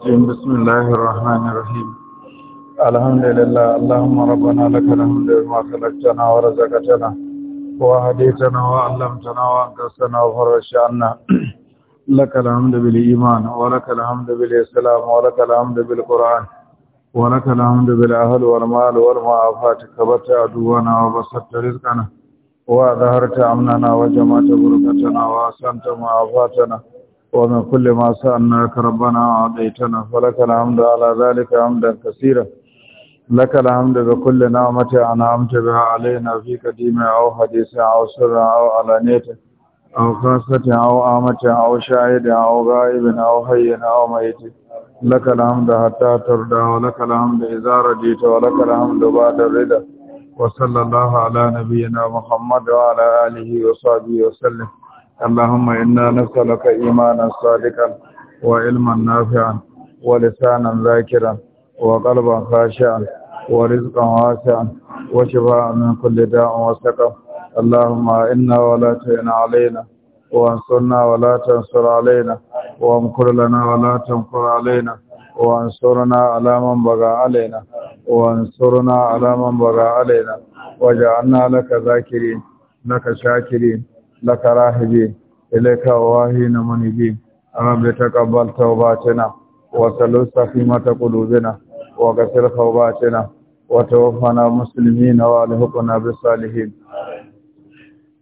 الرجيم بسم الله الرحمن الرحيم الحمد لله اللهم ربنا لك الحمد بما خلقتنا ورزقتنا وهديتنا وعلمتنا وانقذتنا وفرجت عنا لك الحمد بالايمان ولك الحمد بالاسلام ولك الحمد بالقران ولك الحمد بالاهل والمال والمعافات كبت عدونا وبسطت رزقنا وظهرت امننا وجمعت بركتنا وأحسنت معافاتنا ومن كل ما سألناك ربنا أعطيتنا فلك الحمد على ذلك عمدا كثيرا لك الحمد بكل نعمة أنعمت بها علينا في قديم أو حديثة أو سر أو علانية أو خاصة أو آمة أو شاهد أو غائب أو حي أو ميت لك الحمد حتى ترضى ولك الحمد إذا رجيت ولك الحمد بعد الرضا وصلى الله على نبينا محمد وعلى آله وصحبه وسلم اللهم إنا نسألك إيمانا صادقا وعلما نافعا ولسانا ذاكرا وقلبا خاشعا ورزقا واسعا وشفاء من كل داء وسقم اللهم إنا ولا تعن علينا وانصرنا ولا تنصر علينا وامكر لنا ولا تمكر علينا وانصرنا على من بغى علينا وانصرنا على من بغى علينا وجعلنا لك ذاكرين لك شاكرين laka rahibi ilaika wahina manibi rabbi taqabbal tawbatana wa sallu safimata qulubina wa ghfir tawbatana wa tawaffana muslimina wa ta bis salihin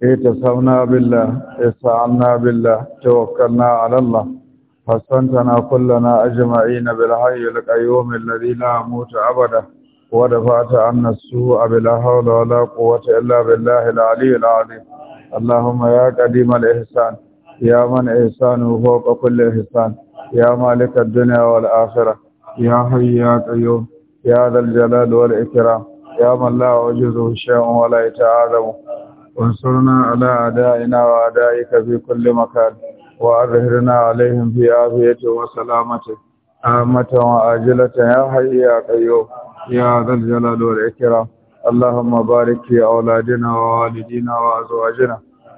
ittasawna billah na billah tawakkalna ala allah fasantana kullana ajma'ina bil hayyil qayyum alladhi la yamutu abada wa dafa'ta annasu abila hawla wala la quwwata illa billahil aliyyil azim اللهم يا قديم الإحسان يا من إحسانه فوق كل إحسان يا مالك الدنيا والآخرة يا حي يا قيوم يا ذا الجلال والإكرام يا من لا عجزه شيء ولا يتعاظمه وانصرنا على أعدائنا وأعدائك في كل مكان وأظهرنا عليهم في عافيته وسلامته عامة وآجلة يا حي يا قيوم يا ذا الجلال والإكرام اللهم بارك في أولادنا ووالدينا وأزواجنا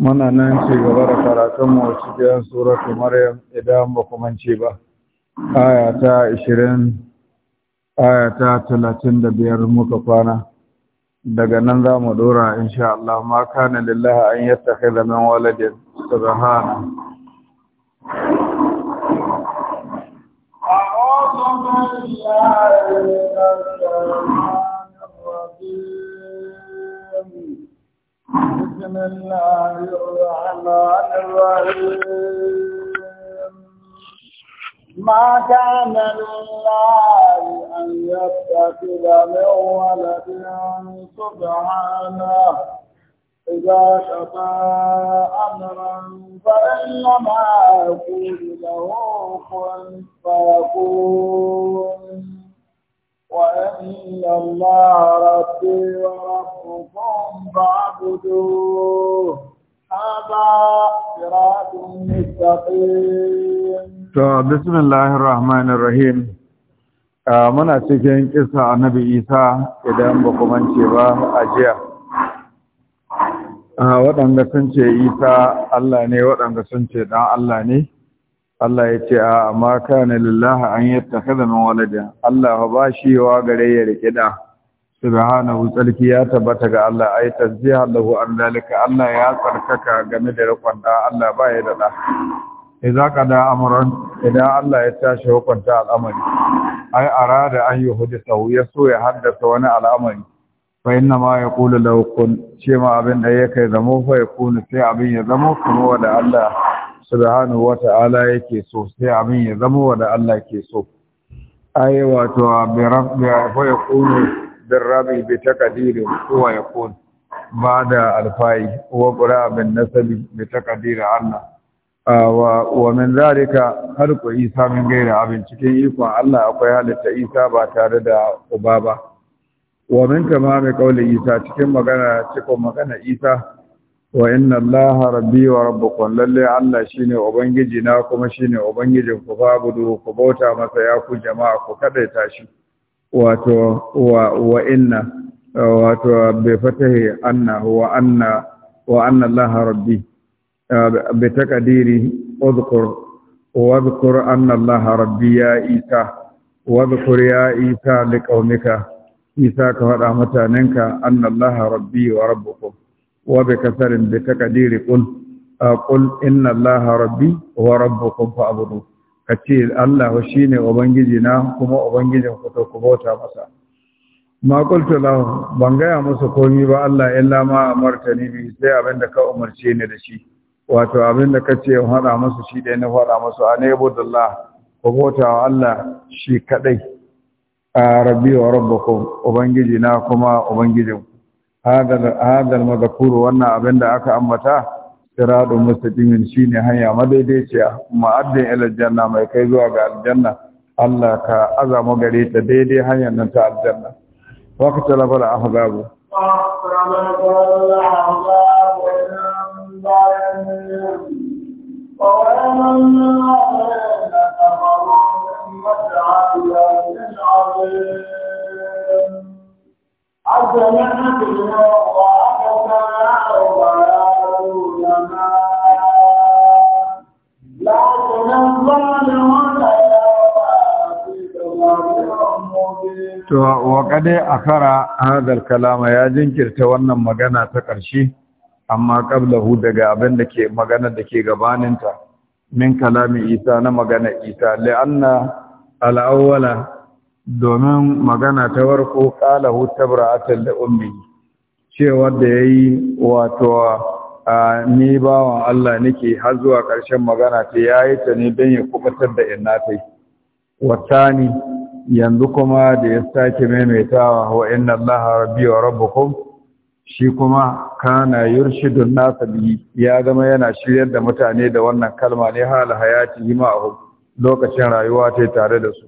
muna nan ce gaba da karatunmu a cikin suratu maryam idan ba ce ba aya ta 20 aya ta 35 muka kwana daga nan za mu dora insha Allah ma kana lillahi an yattakhidha min waladin subhana a'udhu billahi minash shaitanir الرجيم بسم الله الرحمن الرحيم ما كان لله أن يتخذ من ولد سبحانه إذا شفى أمرا فإنما يقول له كن فيكون وأن الله ربي وربكم فاعبدوه هذا صراط مستقيم بسم الله الرحمن الرحيم muna cikin kisa annabi isa idan ba mance ba a jiya waɗanda sun ce isa allah ne waɗanda sun ce ɗan allah ne Allah ya ce a amma kana lillahi an yattakhadha min walada Allah ba shi wa gare ya rike da subhanahu tsarki ya tabbata ga Allah ay tasbiha lahu an dalika Allah ya tsarkaka game da rikon da Allah ba ya da idza qada amran idan Allah ya tashi hukunta al'amari ay arada an yuhdithu ya so ya haddasa wani al'amari fa inna ma yaqulu law kun ce ma abin da yake zamo fa yakunu sai abin ya zamo kuma da Allah subhanahu wata'ala yake so sai amin ya zama wa da Allah ke so ayi wato bi rabbi fa yaqulu bi rabbi bi taqdiri huwa yaqul ba'da alfai wa qura bin nasabi bi taqdiri Allah wa wa min zalika ku isa min gaira abin cikin ikon Allah akwai halitta isa ba tare da uba ba wa min tamami qawli isa cikin magana cikin magana isa wa inna allaha rabbi wa rabbukum lalle allah shine ubangiji na kuma shine ubangijin ku fabudu ku bauta masa ya ku jama'a ku ta shi wato wa wa inna wato bi fatahi anna wa anna wa anna allaha rabbi bi taqdiri udhkur wa udhkur anna allaha rabbi ya isa wa udhkur ya isa liqaumika isa ka faɗa mutanenka anna allaha rabbi wa rabbukum wa bi kasarin bi taqdiri qul qul inna allaha rabbi wa rabbukum fa'budu kace Allah shine ubangiji na kuma ubangijin ku to ku bauta masa ma ban gaya musu komai ba Allah illa ma martani bi sai abinda ka umarce ni da shi wato abinda kace in hada musu shi dai na fada musu anabudullah ku bauta wa Allah shi kadai a rabbi wa rabbukum ubangiji na kuma ubangijin hadal mazakuru wannan abin da aka ambata siradun mustaqimin shine hanya madaidaiciya ma'addin ila janna mai kai zuwa ga aljanna Allah ka azama gare ta daidai hanyar nan ta aljanna waqta labal ahzabu وَمَنْ To, waƙade a kara hadar kalama ya jinkirta wannan magana ta ƙarshe, amma ƙablahu daga abin da ke magana da ke gabaninta, min kalamin isa na magana isa, la'anna al'awwala domin magana ta warko ƙala hutabra atal da ummi cewa da yayi wato ni bawan Allah nake har zuwa ƙarshen magana ta yayi ta ne don ya kubatar da Wata watani yanzu kuma da ya sake maimaitawa wa inna Allah rabbi wa rabbukum shi kuma kana yurshidun nasa biyu. ya zama yana shiryar da mutane da wannan kalma ne hal hayati hima lokacin rayuwa ta tare da su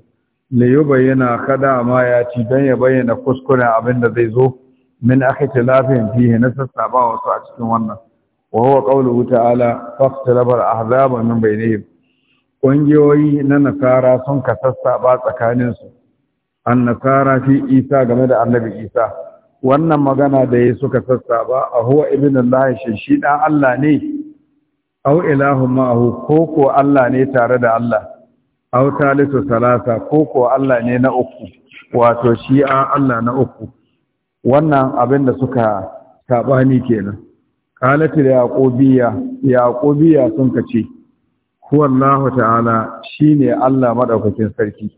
la bayyana kada ma ya ci don ya bayyana kuskuren abin da zai zo min akhtilafin fihi na ba wasu a cikin wannan wa huwa qawluhu ta'ala faqtalaba al-ahzab min bainihim kungiyoyi na nasara sun ka ba tsakanin su nasara fi isa game da annabi isa wannan magana da ya suka ba a huwa ibnullahi allah shi dan Allah ne aw ilahu ko ko Allah ne tare da Allah aw talisu salasa ko ko Allah ne na uku wato shi a Allah na uku wannan abin da suka sabani kenan qalat yaqubiya yaqubiya sun kace huwallahu ta'ala shine Allah madaukakin sarki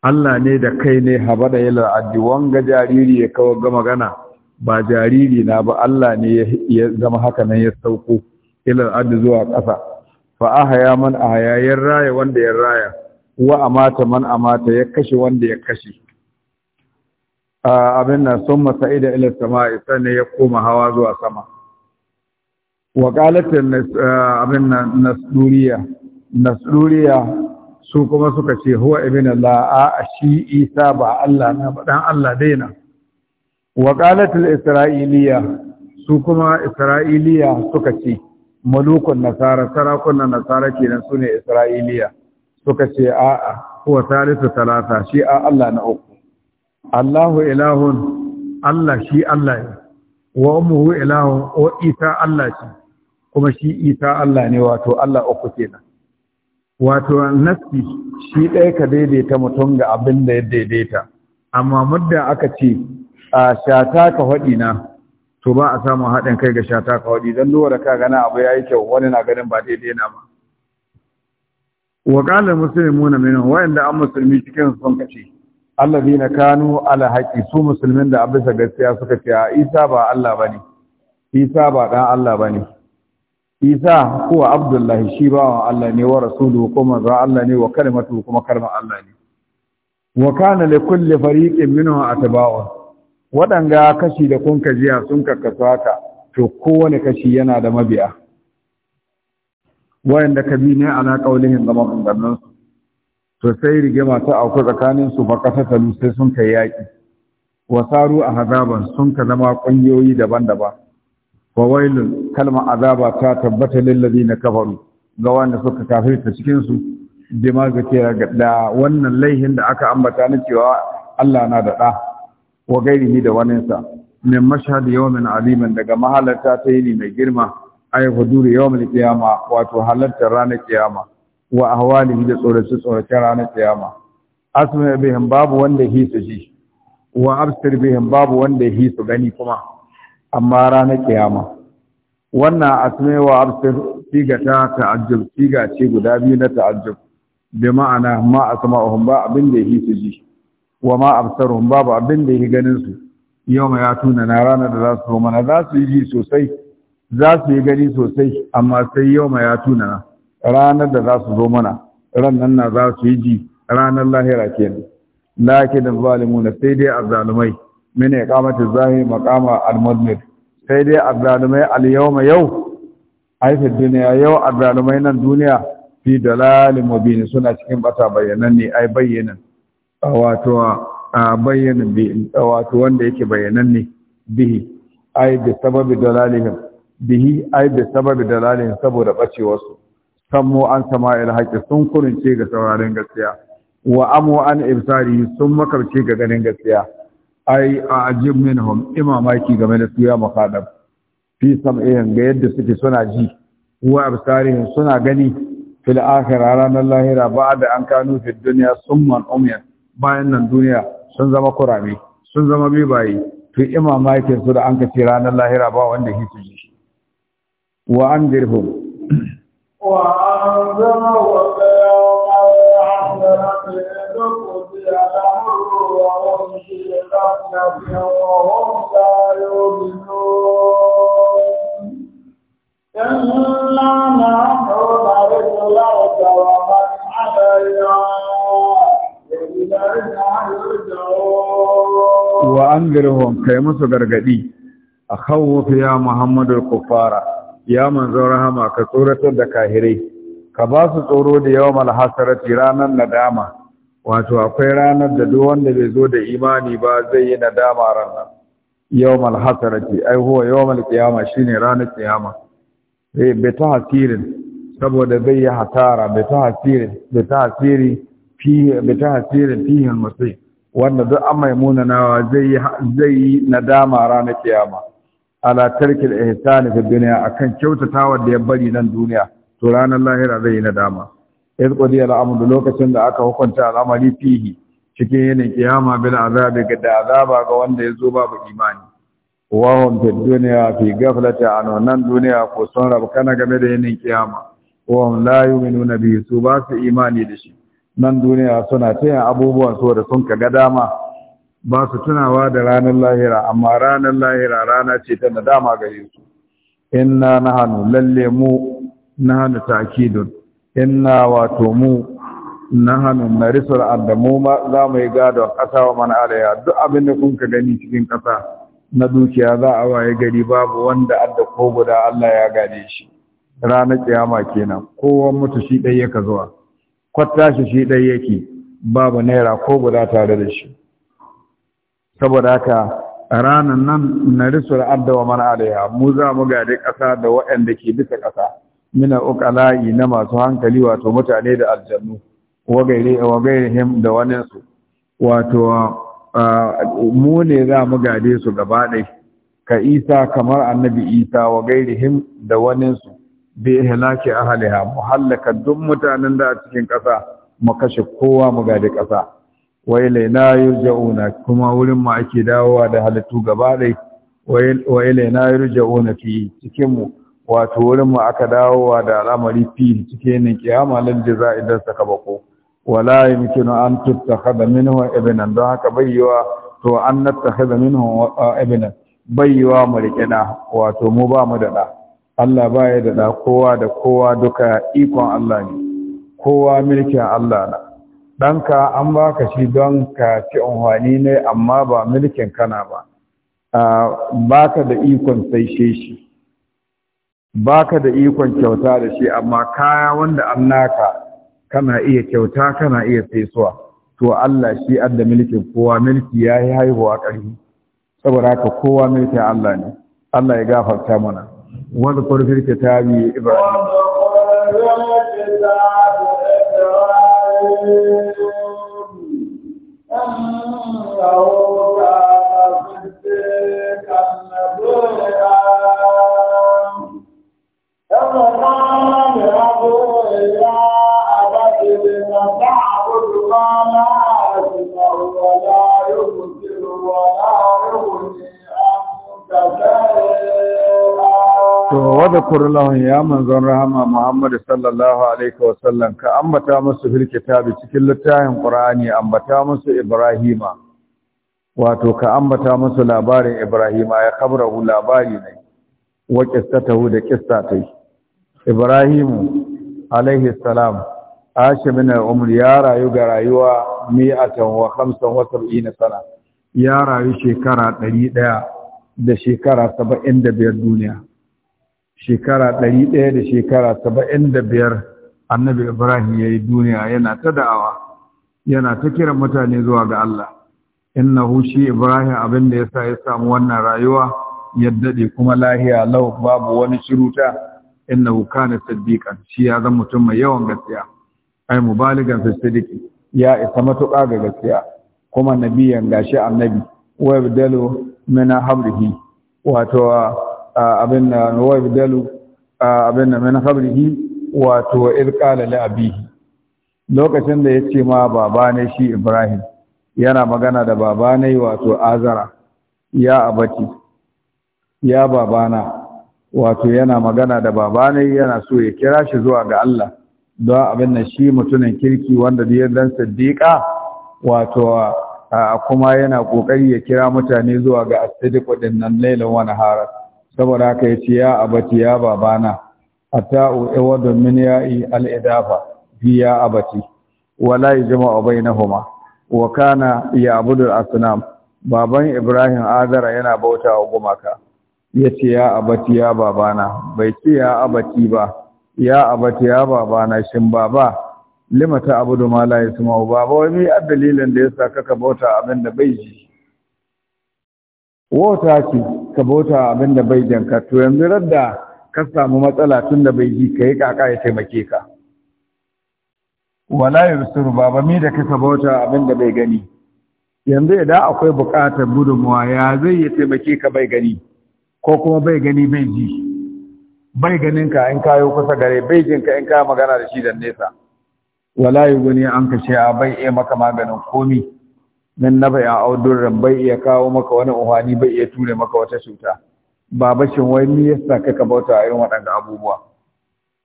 Allah ne da kai ne haba da yalar addi wanga jariri ya kawo ga magana ba jariri na ba Allah ne ya zama haka nan ya sauko yalar addi zuwa ƙasa fa ahya man ahya ya raya wanda ya raya wa amata man amata ya kashe wanda ya kashe abin nan sun masa masa'ida ila sama'i sannan ya koma hawa zuwa sama wa qalatin abin nan nasuriya, nasuriya su kuma suka ce huwa ibn Allah a shi Isa ba Allah na ba dan Allah daina wa qalatil isra'iliya su kuma isra'iliya suka ce mulukun nasara sarakunan nasara kenan sune isra'iliya suka ce a'a huwa salisu talata shi a Allah na uku Allahu ilahun Allah shi Allah ne wa ummuhu ilahun o isa Allah shi kuma shi isa Allah ne wato Allah uku kenan wato nafsi shi ɗaya ka daidaita mutum ga abin da ya daidaita amma muddin aka ce a shata ka faɗi na to ba a samun haɗin kai ga shata kawai don lura ka gana abu ya yi kyau wani na ganin ba daidai na ba wa ƙalar musulmi muna minu wa'anda an musulmi cikin sun kace bi na kanu ala haƙi su musulmin da abisa gaskiya suka ce a isa ba allah ba ne isa ba ɗan allah ba ne isa kuwa abdullahi shi ba wa allah ne wa rasulu kuma za allah ne wa kalmatu kuma kalmar allah ne wa kana li kulli fariqin minhu atba'un waɗanga kashi da kun kajiya sun karkasu haka to kowane kashi yana da mabiya wayanda kabi ne ana ƙaunihin zama kungannan su to sai rigima ta auku tsakanin su ba ƙasa talu sai sun kai yaki wasaru a azaban sun ka zama ƙungiyoyi daban-daban wa wailun kalmar azaba ta tabbata lallabi na kafaru ga wanda suka kafirta cikin su dimaga da wannan laihin da aka ambata na cewa Allah na da ɗa wa gairihi da waninsa min mashhad yawmin azimin daga mahalarta ta yini mai girma ay hudur yawmil qiyama wato halartar ranar kiyama wa ahwalihi da tsorace tsorace ranar kiyama asma bihim babu wanda hi su ji wa absir bihim babu wanda hi su gani kuma amma ranar kiyama wannan asma wa absir siga ta ta'ajjub siga ce guda biyu na ta'ajjub bi ma'ana ma asma'uhum ba abin da hi su ji wa ma absaruhum babu abin da yake ganin su Yau ma ya tuna na ranar da za su mana za su yi sosai za su yi gani sosai amma sai yau ma ya tuna ranar da za su zo mana ran nan na za su yi ji ranar lahira kenan lakin na, sai dai azzalumai min iqamati zahiri maqama al-mudmir sai dai azzalumai al-yawma yau ai duniya yau azzalumai nan duniya fi dalalin mubin suna cikin bata bayanan ne ai bayyana. wato a bayyana wato wanda yake bayyananne bihi ai da sababi dalalihim bihi ai da sababi dalalihim saboda bacewarsu sammo an sama'il haƙƙi sun kurince ga sauraren gaskiya wa amu an ibsari sun makarce ga ganin gaskiya ai a ajib minhum imamaki game da su ya makadab fi sam'ihim ga yadda suke suna ji wa absarihim suna gani fil akhirah ranar lahira ba'da an kanu fid dunya summan umyan bayan nan duniya sun zama kur'ami, sun zama bibayi to imama yake su da an ce ranar lahira ba wanda ke ji shi wa an dirhum wa an zama wa ya anzirhum kai musu gargadi a khawf ya muhammadul kufara ya manzo rahama ka tsoratar da kahirai ka ba su tsoro da yawmal hasarati ranar nadama wato akwai ranar da duk wanda bai zo da imani ba zai yi nadama ranar yawmal hasarati ai huwa yawmal qiyama shine ranar qiyama eh, bai ta hasirin saboda zai yi hatara, bai ta hasiri bai ta hasiri fiye bai ta hasirin wanda duk an mai munanawa zai yi nadama ranar kiyama ala tarkil ihsani fi dunya akan kyautatawa da ya bari nan duniya to ranar lahira zai yi nadama iz qadi al lokacin da aka hukunta al'amari fihi cikin yanin kiyama bil azabi da azaba ga wanda ya zo babu imani wa hum fi dunya fi ghaflati an nan duniya ko sun rabu kana game da yanin kiyama wa hum la yu'minuna bihi su ba su imani da shi nan duniya suna taya abubuwan so da sun kaga dama ba su tunawa da ranar lahira amma ranar lahira rana ce ta nadama gare su inna nahanu lalle mu nahanu takidun inna wato mu nahanu narisul adamu ma za mu yi gado kasa wa mana alaya duk abin da kun ka gani cikin kasa." na dukiya za a waye gari babu wanda adda ko guda Allah ya gane shi ranar kiyama kenan kowa mutu shi ɗaya ka zuwa kwatta shi shi ɗai yake babu naira ko guda tare da shi saboda haka ranar nan na risar addawa mana alaiya alaiha mu za mu gadi ƙasa da waɗanda ke bisa ƙasa mina uqala'i na masu hankali wato mutane da aljannu wa da wani su wato mu ne za mu gade su gaba ɗai ka isa kamar annabi isa wa gairihim da wani su bi ihlaki ahliha mu halaka duk mutanen da a cikin ƙasa mu kashe kowa mu gadi ƙasa wa ilaina yurja'una kuma wurin mu ake dawowa da halittu gaba dai wa ilaina yurja'una fi cikin mu wato wurin mu aka dawowa da al'amari fi cikin nan kiyama lan jaza'i saka bako. wala yumkinu an tuttakhadha minhu ibnan don haka bayyawa to an nattakhadha minhu uh, ibnan bayyawa mu riƙe da wato mu ba mu da da Allah baya ya kowa da kowa duka ikon Allah ne kowa milkin Allah na ɗanka an baka shi don ka ci unhwani ne amma ba milkin kana ba baka da ikon saishe shi baka da ikon kyauta da shi amma kaya wanda an naka kana iya kyauta kana iya saisuwa to Allah shi da mulkin kowa mulki yi haihuwa ƙarfi saboda haka kowa milkin Allah ne Allah ya gafarta mana wanda kun fi kitabi Ibrahim Allah da kurlahun ya manzon rahama Muhammadu sallallahu alaihi wasallam ka ambata musu fil kitabi cikin littafin Qur'ani ambata musu Ibrahima wato ka ambata musu labarin Ibrahima ya kabrahu labari ne wa qissatahu da qissatai Ibrahimu alaihi salam ashe min umri ya rayu ga rayuwa mi'atan wa khamsan wa sab'ina sana ya rayu shekara 100 da shekara 75 duniya shekara ɗari ɗaya da shekara saba'in da biyar annabi ibrahim ya yi duniya yana ta da'awa yana ta kiran mutane zuwa ga allah na shi ibrahim abin da ya sa ya samu wannan rayuwa ya daɗe kuma lahiya lau babu wani shiruta innahu kana siddiqan shi ya zama mutum mai yawan gaskiya ai mubaligan fi ya isa matuƙa ga gaskiya kuma nabiyan gashi annabi wa yabdalu min habrihi wato abin da bidalu abin da min khabrihi wato id qala li abihi lokacin da yace ma baba ne shi Ibrahim yana magana da baba ne wato Azara ya abati ya babana wato yana magana da baba ne yana so ya kira shi zuwa ga Allah don abin da shi mutumin kirki wanda da yardan siddiqa wato kuma yana kokari ya kira mutane zuwa ga asidiku din nan lailan wani harar saboda haka ya ce ya abati ya babana hatta uwa domin ya yi al'idafa fi ya abati wala yi a bai na homa wa kana ya abudu asinam baban ibrahim azara yana bauta wa gumaka ya ce ya abati ya babana bai ce ya abati ba ya abati ya babana shin baba limata abudu ma la yasma'u baba wai me dalilin da ya sa kaka bauta abin da bai ji wata ce ka bauta abin da bai janka to yanzu radda ka samu matsala tun da bai ji ka yi kaka ya taimake ka wala yusur baba mi da kaka bauta abin da bai gani yanzu idan akwai buƙatar gudunmuwa ya zai ya taimake ka bai gani ko kuma bai gani bai ji bai ganin ka in kayo kusa gare bai jin ka in kayo magana da shi da nesa wala gani an kashe a bai iya maka maganin komi na bai a ran bai iya kawo maka wani uhani bai iya ture maka wata cuta ba bashin wai me yasa ka bauta a irin waɗanda abubuwa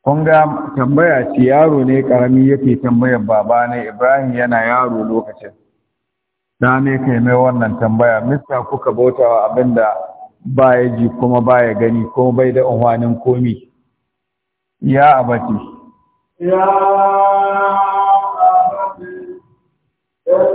kun ga tambaya ce yaro ne karami yake tambayar baba ne Ibrahim yana yaro lokacin da ne kai mai wannan tambaya mista kuka bautawa abinda ya ji kuma ba ya gani kuma bai da uhanin komi ya abati ya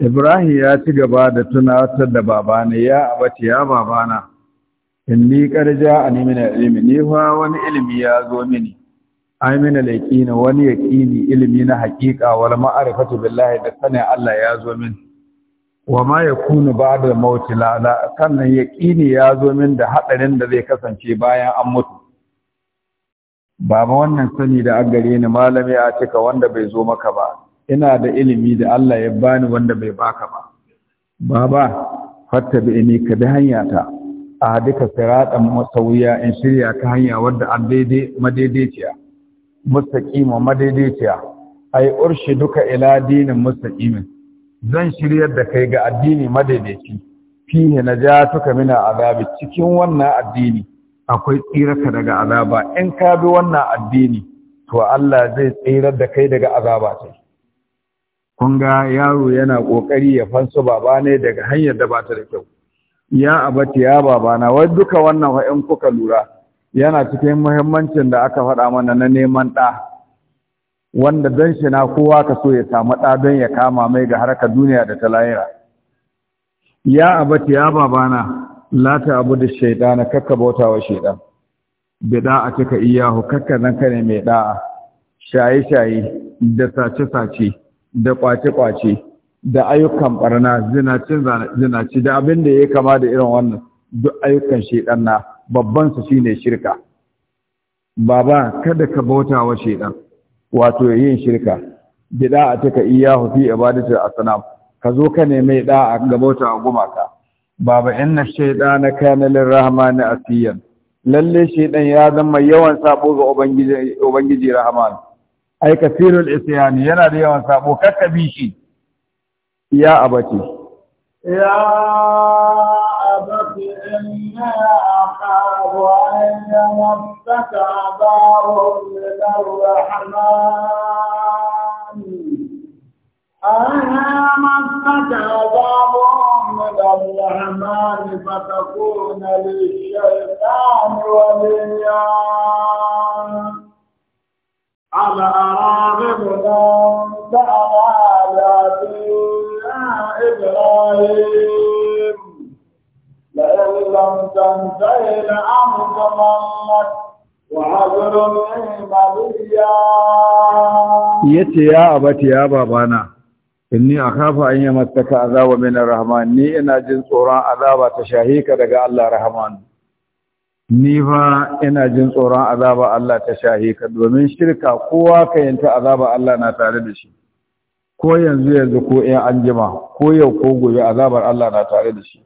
Ibrahim ya ci gaba da tunatar da babana ya abace ya babana inni karja a nimina ilimi ni fa wani ilimi ya zo mini amina laqina wani yaqini ilimi na haqiqa wal ma'rifatu billahi da sanin Allah ya zo min. wa ma yakunu ba'da mauti la sannan yaqini ya zo min da hadarin da zai kasance bayan an mutu baba wannan sani da aggare ni malami a cika wanda bai zo maka ba ina da ilimi da Allah ya bani wanda bai baka ba baba fatta bi ni ka bi hanyata a duka siratan masawiya in shirya ta hanya wadda an daidai madaidaiciya mustaqima madaidaiciya ai urshi duka ila dinin mustaqimin zan shiryar da kai ga addini madaidaici fihi najatuka min azabi cikin wannan addini akwai tsiraka daga azaba in ka bi wannan addini to Allah zai tsirar da kai daga azaba sai kun ga yaro yana ƙoƙari ya fansu baba ne daga hanyar da bata da kyau ya abati ya baba na wai duka wannan wa kuka lura yana cikin muhimmancin da aka faɗa mana na neman ɗa wanda don shi na kowa ka so ya samu ɗa don ya kama mai ga harkar duniya da ta layira. ya abati ya babana la ta abu da shaidana kakka bauta wa shaidan bida a cika iyahu kakka nan ka ne mai ɗaa shaye-shaye da sace-sace da kwace-kwace da ayyukan barna zinacin zinaci da abin da ya kama da irin wannan duk ayyukan shedan na babban su shine shirka baba kada ka bauta wa shedan wato yin shirka bid'a taka iyahu fi ibadatu asnam ka zo ka nemi a ga bauta wa gumaka baba inna shaytana kana lirrahmani asiyan lalle shedan ya zama yawan sabo ga ubangiji ubangiji rahman ai kafirul isyani yana da yawan sabo kakka bi shi ya abati ya abati inna aqabu anna rabbaka adarun lirrahman أنا مسك عذاب من الرحمن فتكون للشيطان وليا على عرام مدى على دين إبراهيم لئن لم تنتهي لأرض وعذر مليا يتي يا أبتي يا بابانا إني أخاف أن يمتك عذاب من الرحمن إني إن أجل صورا عذاب تشاهيك دقاء الله رحمن ni ba ina jin tsoron azaba Allah ta shahe ka domin shirka kowa ka yanta azaba Allah na tare da shi ko yanzu yanzu ko in an jima ko yau ko gobe azabar Allah na tare da shi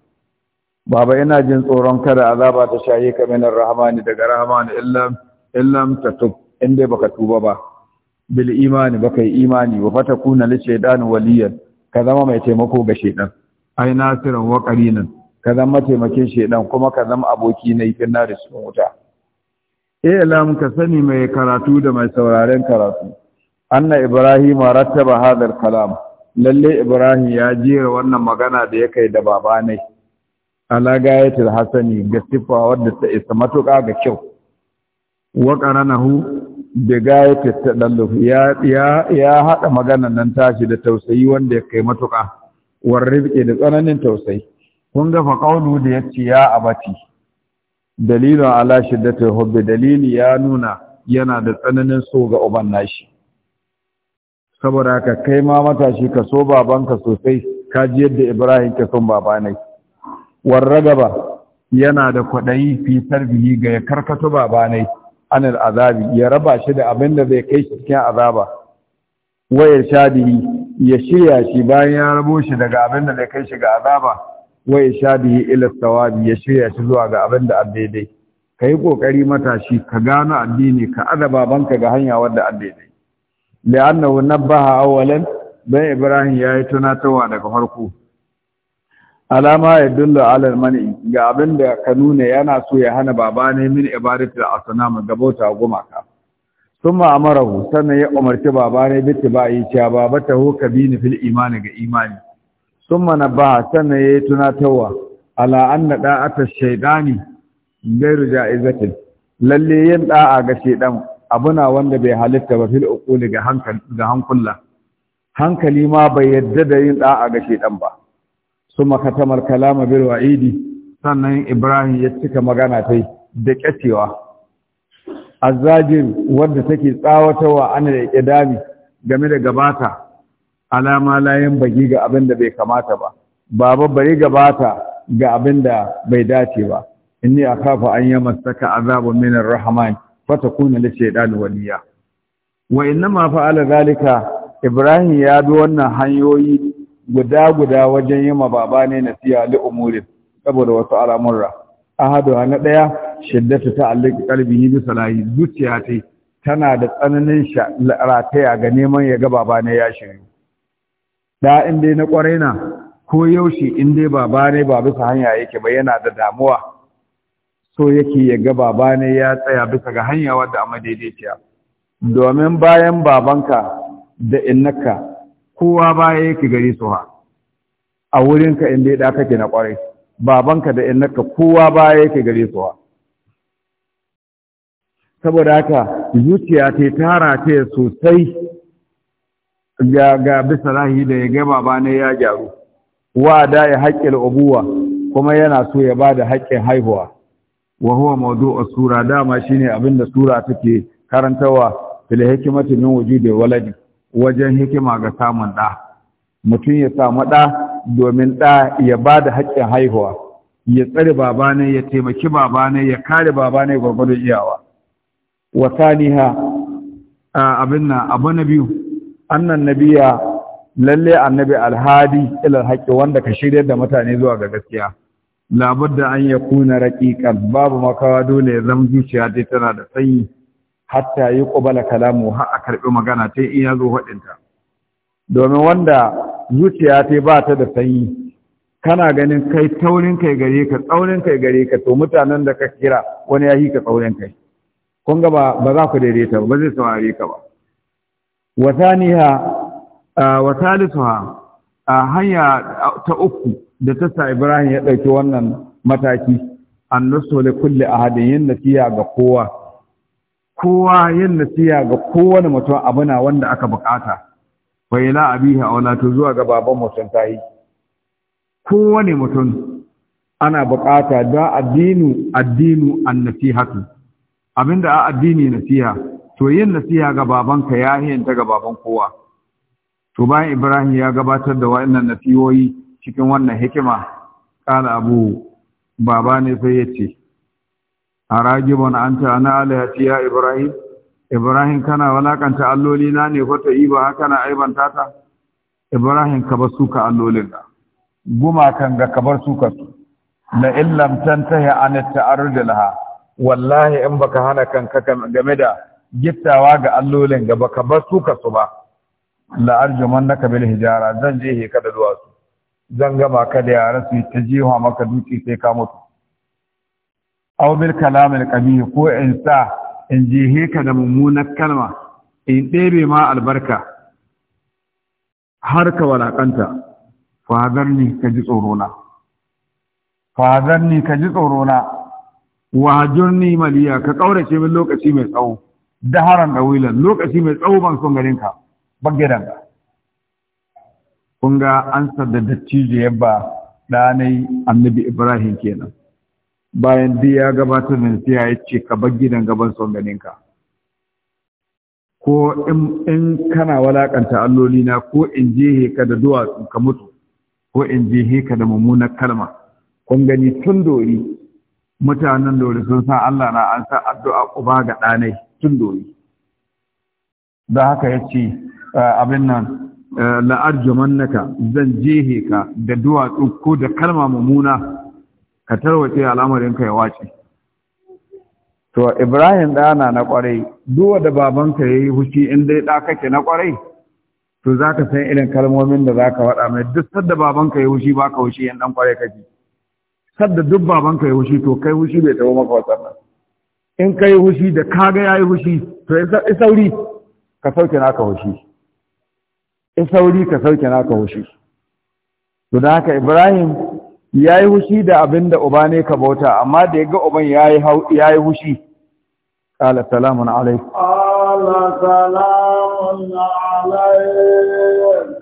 baba ina jin tsoron kada azaba ta shahe ka min rahmani daga rahmani illam illam tub inda baka tuba ba bil imani baka yi imani wa fatakuna li shaytan waliyan ka zama mai taimako ga shaytan ai nasiran wa qarinan ka zama mataimakin shaidan kuma ka zama aboki na yi finna da cikin wuta elam eh, ka sani mai karatu da mai sauraren karatu anna ibrahim rattaba hadar kalam lalle ibrahim ya jera wannan magana da ya kai da baba ne ala gayatul hasani ga siffa wadda ta isa matuka ga kyau wa qaranahu da gayatul tadalluf ya ya ya haɗa maganan nan tashi da tausayi wanda ya kai matuka. war riƙe da tsananin tausayi kun ga fa kaulu da yace ya abati dalilu ala shiddati hubbi dalili ya nuna yana da tsananin so ga uban nashi saboda ka kai ma matashi ka so babanka sosai ka ji yadda Ibrahim ka son babanai ragaba yana da kwaɗayi fi tarbihi ga ya karkato babanai anil azabi ya raba shi da abin da zai kai shi cikin azaba wayar shadihi ya shirya shi bayan ya rabo shi daga abin da zai kai shi ga azaba wa ya bihi ila thawabi ya shirya shi zuwa ga abin da daidai ka yi ƙoƙari matashi ka gano addini ka adaba babanka ga hanya wadda daidai li'annahu nabbaha awwalan dan Ibrahim ya yi tunatarwa daga farko alama ya dulla alal mani ga abin da ka nuna yana so ya hana baba ne min ibadatul asnam ga bauta gumaka thumma amarahu sannan ya umarci baba ne ba yi cewa baba ta hukabi ni fil imani ga imani sun mana ba sannan ya yi tunatarwa ala an na ɗa'atar shaidani gairu ja'izatin lalle yin ɗa'a ga shaidan abuna wanda bai halitta ba fil uquli ga hankula hankali ma bai yarda da yin ɗa'a ga shaidan ba suma katamar kalama bil wa'idi sannan ibrahim ya cika magana tai da ƙyacewa. azajir wanda take tsawatawa ana da idami game da gabata alama layan baki ga abin da bai kamata ba baba bari gabata ga abin da bai dace ba inni akhafu an yamassaka saka min ar-rahman fatakuna li shaytan waliya wa ma fa'ala zalika ibrahim ya bi wannan hanyoyi guda guda wajen yima baba ne nasiya li umuri saboda wasu al'amurra ahadu na daya shiddatu ta'alliq qalbihi bi salahi zuciya tana da tsananin rataya ga neman ya ga baba ne ya shiri da in dai na kwarai na ko yaushe in dai baba ne ba bisa hanya yake ba yana da damuwa so yake ya ga baba ne ya tsaya bisa ga hanya wadda amma daidaiciya domin bayan babanka da innaka kowa baya yake gari su a wurinka in dai da kake na kwarai babanka da innaka kowa baya yake gari su saboda haka zuciya ta tara ta sosai ga bisa rahi da ya gaba ba ne ya gyaru wa da ya haƙƙi ubuwa kuma yana so ya ba da haƙƙin haihuwa wa huwa a sura dama shine da sura take karantawa fil hikmati min wujudi waladi wajen hikima ga samun ɗa mutum ya samu ɗa domin ɗa ya ba da haƙƙin haihuwa ya tsare ne ya taimaki ne ya kare ne gwargwadon iyawa wa saniha abin na abu na biyu annan nabiya lalle annabi alhadi ila haqqi wanda ka shiryar da mutane zuwa ga gaskiya budda an yakuna raqiqan babu makawa dole zan zuciya dai tana da sanyi. hatta yi qubala kalamu har a karbi magana ta in yazo hadinta domin wanda zuciya ta ba ta da sanyi, kana ganin kai taurin kai gare ka tsaurin kai gare ka to mutanen da ka kira wani ya yi ka tsaurin kai kun ga ba za ku daidaita ba zai saurare ka ba wa thaniha wa thalithuha hanya ta uku da ta Ibrahim ya ɗauki wannan mataki an nusu da kulle a hadin yin nasiya ga kowa kowa yin nasiya ga kowane mutum abuna wanda aka bukata bai la abiha aula to zuwa ga baban mutum tahi kowane mutum ana bukata da addinu addinu annasihatu abinda a addini nasiha to yin nasiha ga babanka ya hiyanta ga baban kowa to bayan Ibrahim ya gabatar da wa'annan nasihohi cikin wannan hikima kala abu baba ne sai ya ce a ragibon an ta ana ya ce ya Ibrahim Ibrahim kana walakanta alloli na ne kwata ba haka na aibanta ta Ibrahim ka bar suka allolin da gumakan ga ka bar suka su na illam tantahi an ta'arrud laha wallahi in baka hana kanka game da gittawa ga allolin gaba ka bar su ka su ba la'arjuman naka bil hijara zan je he ka da duwatsu zan gama ka da yara su ta jiwa maka duki sai ka mutu aw bil kalam al qabih ko in sa in je he ka da mummunar kalma in ɗebe ma albarka har ka walakanta fadarni ka ji tsorona fadarni ka ji tsorona wajurni maliya ka kaurace min lokaci mai tsawo Daharan haran ɗawilan lokaci mai tsawo ban son ganin ka baggidan ka kun ga an sadda dattijo ya ba ɗanai annabi ibrahim kenan bayan duk ya gabatar da nasiya ya ce ka baggidan gaban son ganin ka ko in kana walakanta allolina ko in jehe ka da duwatsu ka mutu ko in jehe ka da mummunar kalma kun gani tun dori mutanen dori sun san Allah na an sa addu'a uba ga ɗanai tun doyi da haka ya ce abin nan la'ar jamannaka zan jehe ka da duwatsu ko da kalma mummuna ka tarwace al'amarinka ya wace to ibrahim ɗana na ƙwarai duwa da babanka ya yi hushi in ya ɗa kake na ƙwarai to za ka san irin kalmomin da za ka waɗa mai duk sadda babanka ya yi hushi ba ka hushi yan ɗan ƙwarai kake sadda duk babanka ya yi hushi to kai hushi bai taɓa maka wasan nan in ka yi hushi da kaga ya yi hushi to in sauri ka sauke naka hushi in sauri ka sauke naka hushi to da haka ibrahim ya yi hushi da abin da uba ne ka bauta amma da ya ga uban ya yi hushi ƙala salamun alaikum ƙala salamun alaikum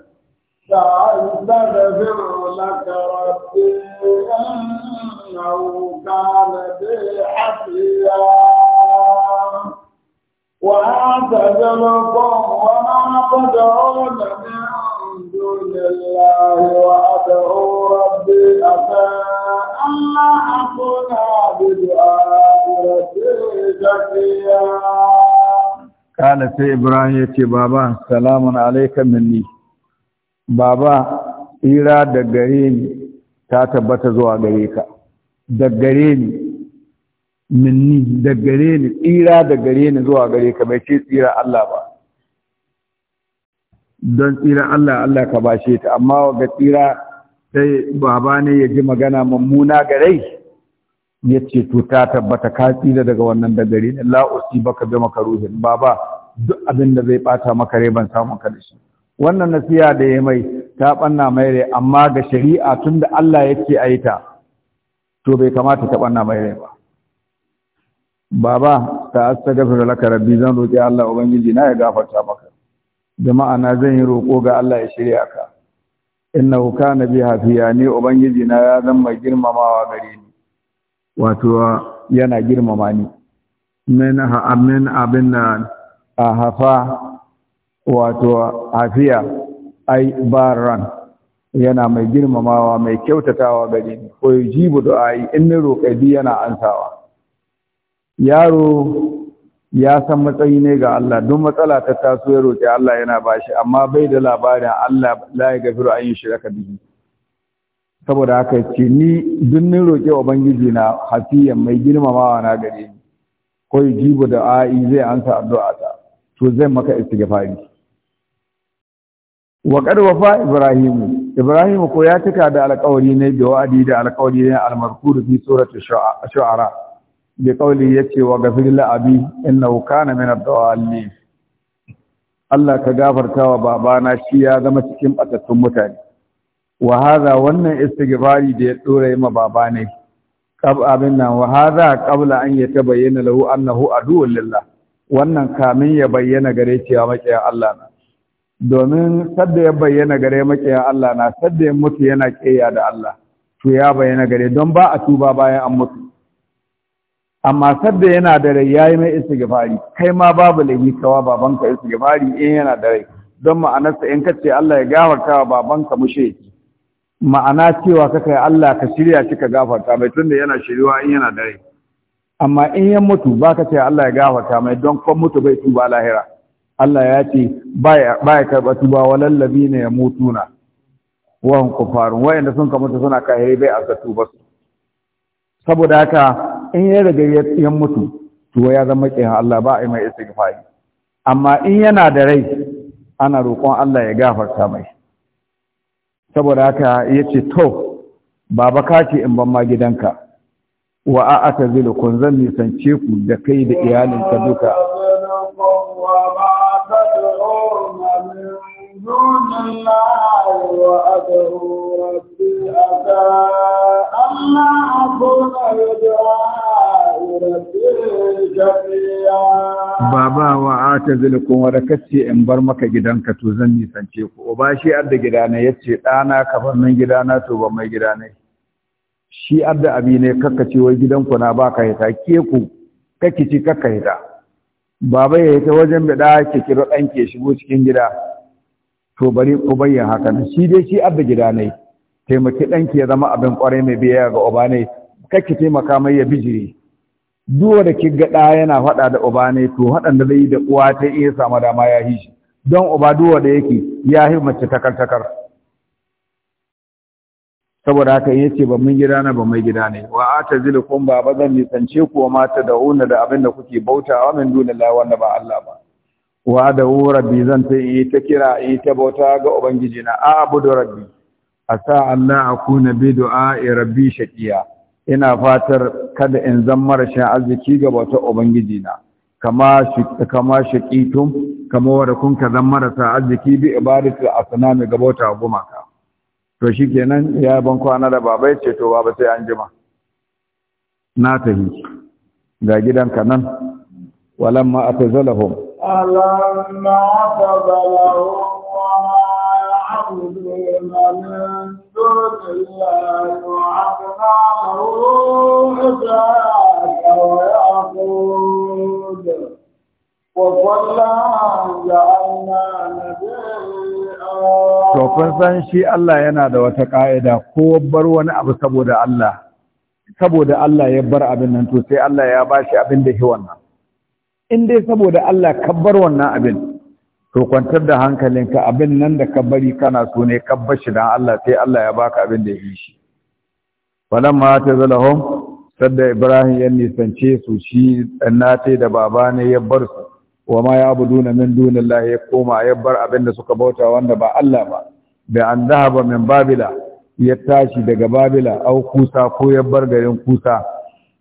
ta'azzara zirulaka karatu. إنه كان بي حفيا وأعتزلكم وما تدعون من دون الله وأدعو ربي أتى ألا أكون بدعاء ربي شقيا قال سي إبراهيم يتي بابا سلام عليك مني بابا tsira da gare ni ta tabbata zuwa gare ka daggare ni minni daggare ni tsira daggare ni zuwa gare ka bai ce tsira Allah ba don tsira Allah Allah ka bashe ta amma ga tsira sai baba ne ya ji magana mummuna gare ya ce to ta tabbata ka tsira daga wannan daggare ni la baka bi makaruhin baba duk abin da zai bata maka rai ban samu ka dashi shi wannan nasiya da ya mai ta banna mai rai amma ga shari'a tunda Allah yake aita to bai kamata ta banna mai rai ba baba ta astaghfiru laka rabbi zan roki Allah ubangiji na ya gafarta maka jama'a na zan yi roko ga Allah ya shirya ka innahu na bi hafiya ne, ubangiji na ya zan mai girmamawa gare ni wato yana girmama ni min ha amin abin na hafa wato hafiya ai baran yana mai girmamawa mai kyautatawa gare ni ko yujibu in ni roƙe bi yana ansawa yaro ya san matsayi ne ga Allah duk matsala ta taso ya roƙe Allah yana bashi amma bai da labarin Allah la ya gafiru an yi shirka bihi saboda haka ce ni duk ni roƙe ubangiji na hafiyan mai girmamawa na gare ni ko yujibu du'ai zai ansa addu'a ta to zai maka istighfari wa qad wafa ibrahimu ibrahim ko ya cika da alƙawari ne da wa'adi da alƙawari ne al-mazkur fi surati shu'ara bi qawli yace wa ghafiril abi innahu kana min ad-dawallin Allah ka gafarta wa babana shi ya zama cikin batattun mutane wa hadha wannan istighfari da ya dora ma baba ne kab abin nan wa hadha qabla an yatabayyana lahu annahu adu lillah wannan kamin ya bayyana gare cewa makiya Allah na domin sadda ya bayyana gare makiya Allah na sadda ya mutu yana kiyaye da Allah to ya bayyana gare don ba a tuba bayan an mutu amma sadda yana da rai yayi mai istighfari kai ma babu laifi kawa babanka istighfari in yana da rai don ma'anarsa in kace Allah ya gafarta wa babanka mushe ma'ana cewa kai Allah ka shirya shi ka gafarta mai tunda yana shiriwa in yana da rai amma in ya mutu baka ce Allah ya gafarta mai don kon mutu bai tuba lahira Allah ya ce ba ya karɓa tuba wa lallabi ne ya mutu na hum kufarun wayanda sun kamuta suna kai bai aka tuba su saboda haka in ya riga ya mutu to ya zama kiyan Allah ba a yi mai istighfari amma in yana da rai ana roƙon Allah ya gafarta mai saboda haka ya ce to baba ka ce in ban ma gidanka wa a aka zilukun zan nisance ku da kai da iyalinka duka Baba wa ta zini kuma da kace in bar maka gidanka to zan nisance ku. Uba shi adda gidana ya ce ɗana ka bar nan gidana to ba mai Shi adda abi ne kakka ce wai gidanku na ba ka hita ke ku kake ci kakka hita. Baba ya yi ta wajen bi ke kiro ɗan shigo cikin gida. to bari ku bayyana haka nan shi dai shi abda gida ne taimaki ɗanki ya zama abin ƙwarai mai biya ga uba ne kake taimaka mai ya bijiri duk da ki ga da yana faɗa da uba ne to hadan da zai da uwa ta iya samu dama ya yi shi don uba duwa da yake ya hi mace takar takar saboda haka yace ce ba mun gida na ba mai gida ne wa a ta kun ba bazan zan nisance ku mata da una da abin da kuke bautawa min dunin wanda ba Allah ba wa da rabbi zan ta yi ta kira yi ta bauta ga ubangiji na a da rabbi a sa Allah kuna bi du'a rabbi shaqiya ina fatar kada in zan marashin arziki ga bauta ubangiji na kama kama shaqitum kama wanda kun ka zan marasa arziki bi ibadatu asnami ga bauta gumaka to shikenan ya ban kwana da ya ce to baba sai an jima na tahi ga gidanka nan walamma atazalahum ألم عتب لهم وما يعبدون من دون الله وعبنا له إسحاق ويعقوب جعلنا To kun san shi Allah yana da wata ƙa'ida ko bar wani abu saboda Allah, saboda Allah ya bar abin nan to sai Allah ya ba shi abin da shi wannan. in dai saboda Allah kabbar wannan abin to kwantar da hankalinka abin nan da ka bari kana so ne ka bar shi dan Allah sai Allah ya baka abin da ya yi shi zala tazalahum sadda ibrahim ya nisance su shi annate da baba ne ya bar su wa ma na min dunillahi ya koma ya bar abin da suka bauta wanda ba Allah ba bi an ba min babila ya tashi daga babila au kusa ko ya bar garin kusa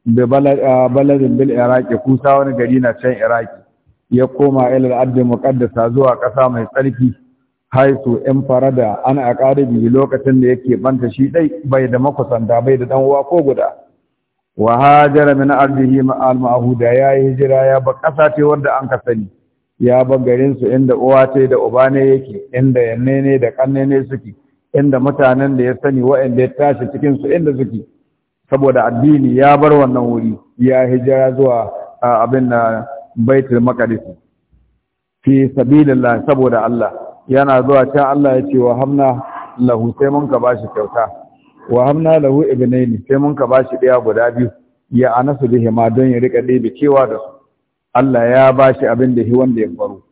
da baladin bil iraki kusa wani gari na can iraki ya koma ilal addin muqaddasa zuwa ƙasa mai tsarki haisu in farada an karibi lokacin da yake banta shi dai bai da makusanta bai da dan uwa ko guda wa hajara min ardihi al ma'huda ya hijira ya ba kasa ce wanda an ka sani ya ba garin su inda uwa ce da uba ne yake inda yanne ne da kanne ne suke inda mutanen da ya sani wa'anda ya tashi cikin su inda suke saboda addini ya bar wannan wuri ya hijira zuwa abin da baitul maqdis fi sabilillah saboda Allah yana zuwa can Allah ya ce wa hamna lahu sai mun ka bashi kyauta wa hamna lahu ibnaini sai mun ka bashi daya guda biyu ya anasu bihi ma don ya rika ɗebe cewa da su Allah ya bashi abin da shi wanda ya faru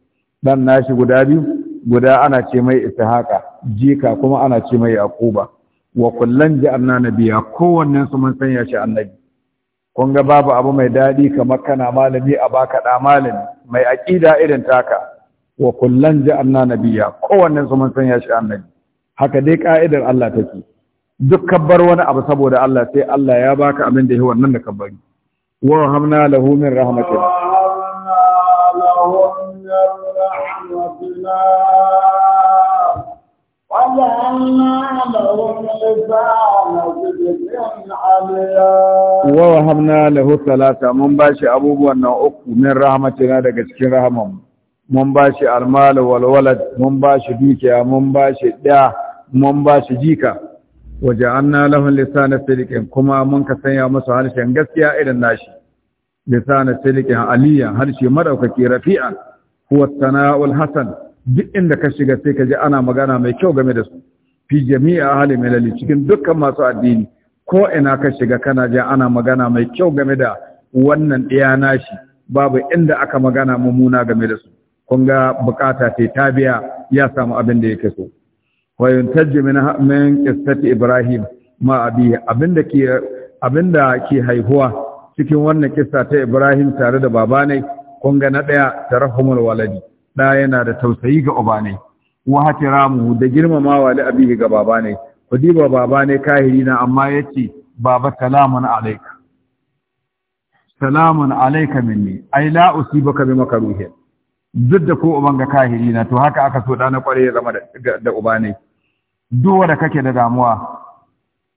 dan nashi guda biyu guda ana ce mai ishaqa jika kuma ana ce mai Yakuba. wa kullan ja'alna nabiyya kowannen su mun sanya shi annabi kun ga babu abu mai dadi kamar kana malami a baka da malami mai aqida irin taka wa kullan ja'alna nabiyya kowannen su mun sanya shi annabi haka dai ka'idar Allah take duk kabbar wani abu saboda Allah sai Allah ya baka abin da yake wannan da kabbari wa hamna lahu min rahmatina wa wahabna lahu talata mun bashi abubuwan nan uku min rahmatina daga cikin rahaman mun bashi almal wal walad mun bashi dukiya mun bashi da mun bashi jika waja'alna lahu lisana sidqin kuma mun ka sanya masa harshen gaskiya irin nashi lisana sidqin aliya harshe madaukake rafi'an huwa sana'ul hasan duk inda ka shiga sai ka ji ana magana mai kyau game da su fi jami'a ahli milali cikin dukkan masu addini ko ina ka shiga kana ja ana magana mai kyau game da wannan ɗaya nashi babu inda aka magana mummuna game da su kun ga bukata ce ta biya ya samu abin da yake so wa yuntajji min min qissati ibrahim ma a abinda ke abinda ke haihuwa cikin wannan kissa ta ibrahim tare da babanai kun ga na daya tarahumul waladi da yana da tausayi ga ubanai wa hatiramu da girmamawa li abihi ga baba ne kudiba baba ne kahiri na amma yace baba salamun alayka salamun alayka minni ai la usibaka bi makruhi duk da ko uban ga kahiri na to haka aka so dana kware ya zama da uba ne duk wanda kake da damuwa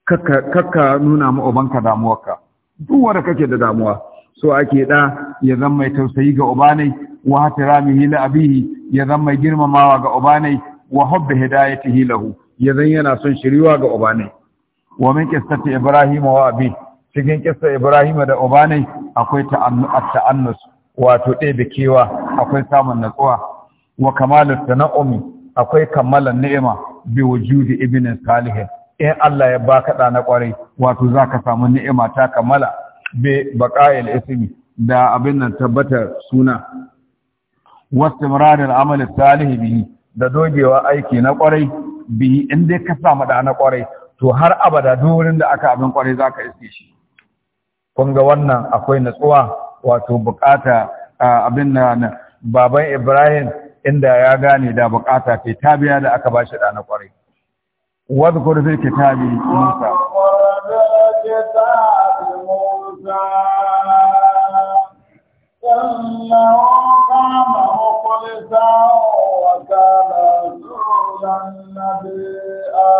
kakka kakka nuna ma ubanka damuwarka duk wanda kake da damuwa so ake da ya zama mai tausayi ga uba ne wa hatiramihi li abihi ya mai girmamawa ga ubanai wa hubbi hidayatihi lahu ya zan yana son shiriwa ga ubanai wa min qissati ibrahim wa abi cikin qissa ibrahim da ubanai akwai ta'annus wato da kewa akwai samun natsuwa wa kamalu tana'umi akwai kammalan ni'ima bi wujudi ibn Salih, in Allah ya baka da na kwarai wato zaka samu ni'ima ta kammala bi baqa'il ismi da abin nan tabbatar suna واستمرار العمل الصالح به da dogewa aiki na kwarai bi in dai ka samu da na kwarai to har abada duk da aka abin kwarai zaka iske shi kun ga wannan akwai natsuwa wato bukata abin na baban Ibrahim inda ya gane da bukata ke, ta biya da aka bashi da na kwarai wadhkur fil kitabi Musa kitabi Musa نساء وكان رسولا نبيا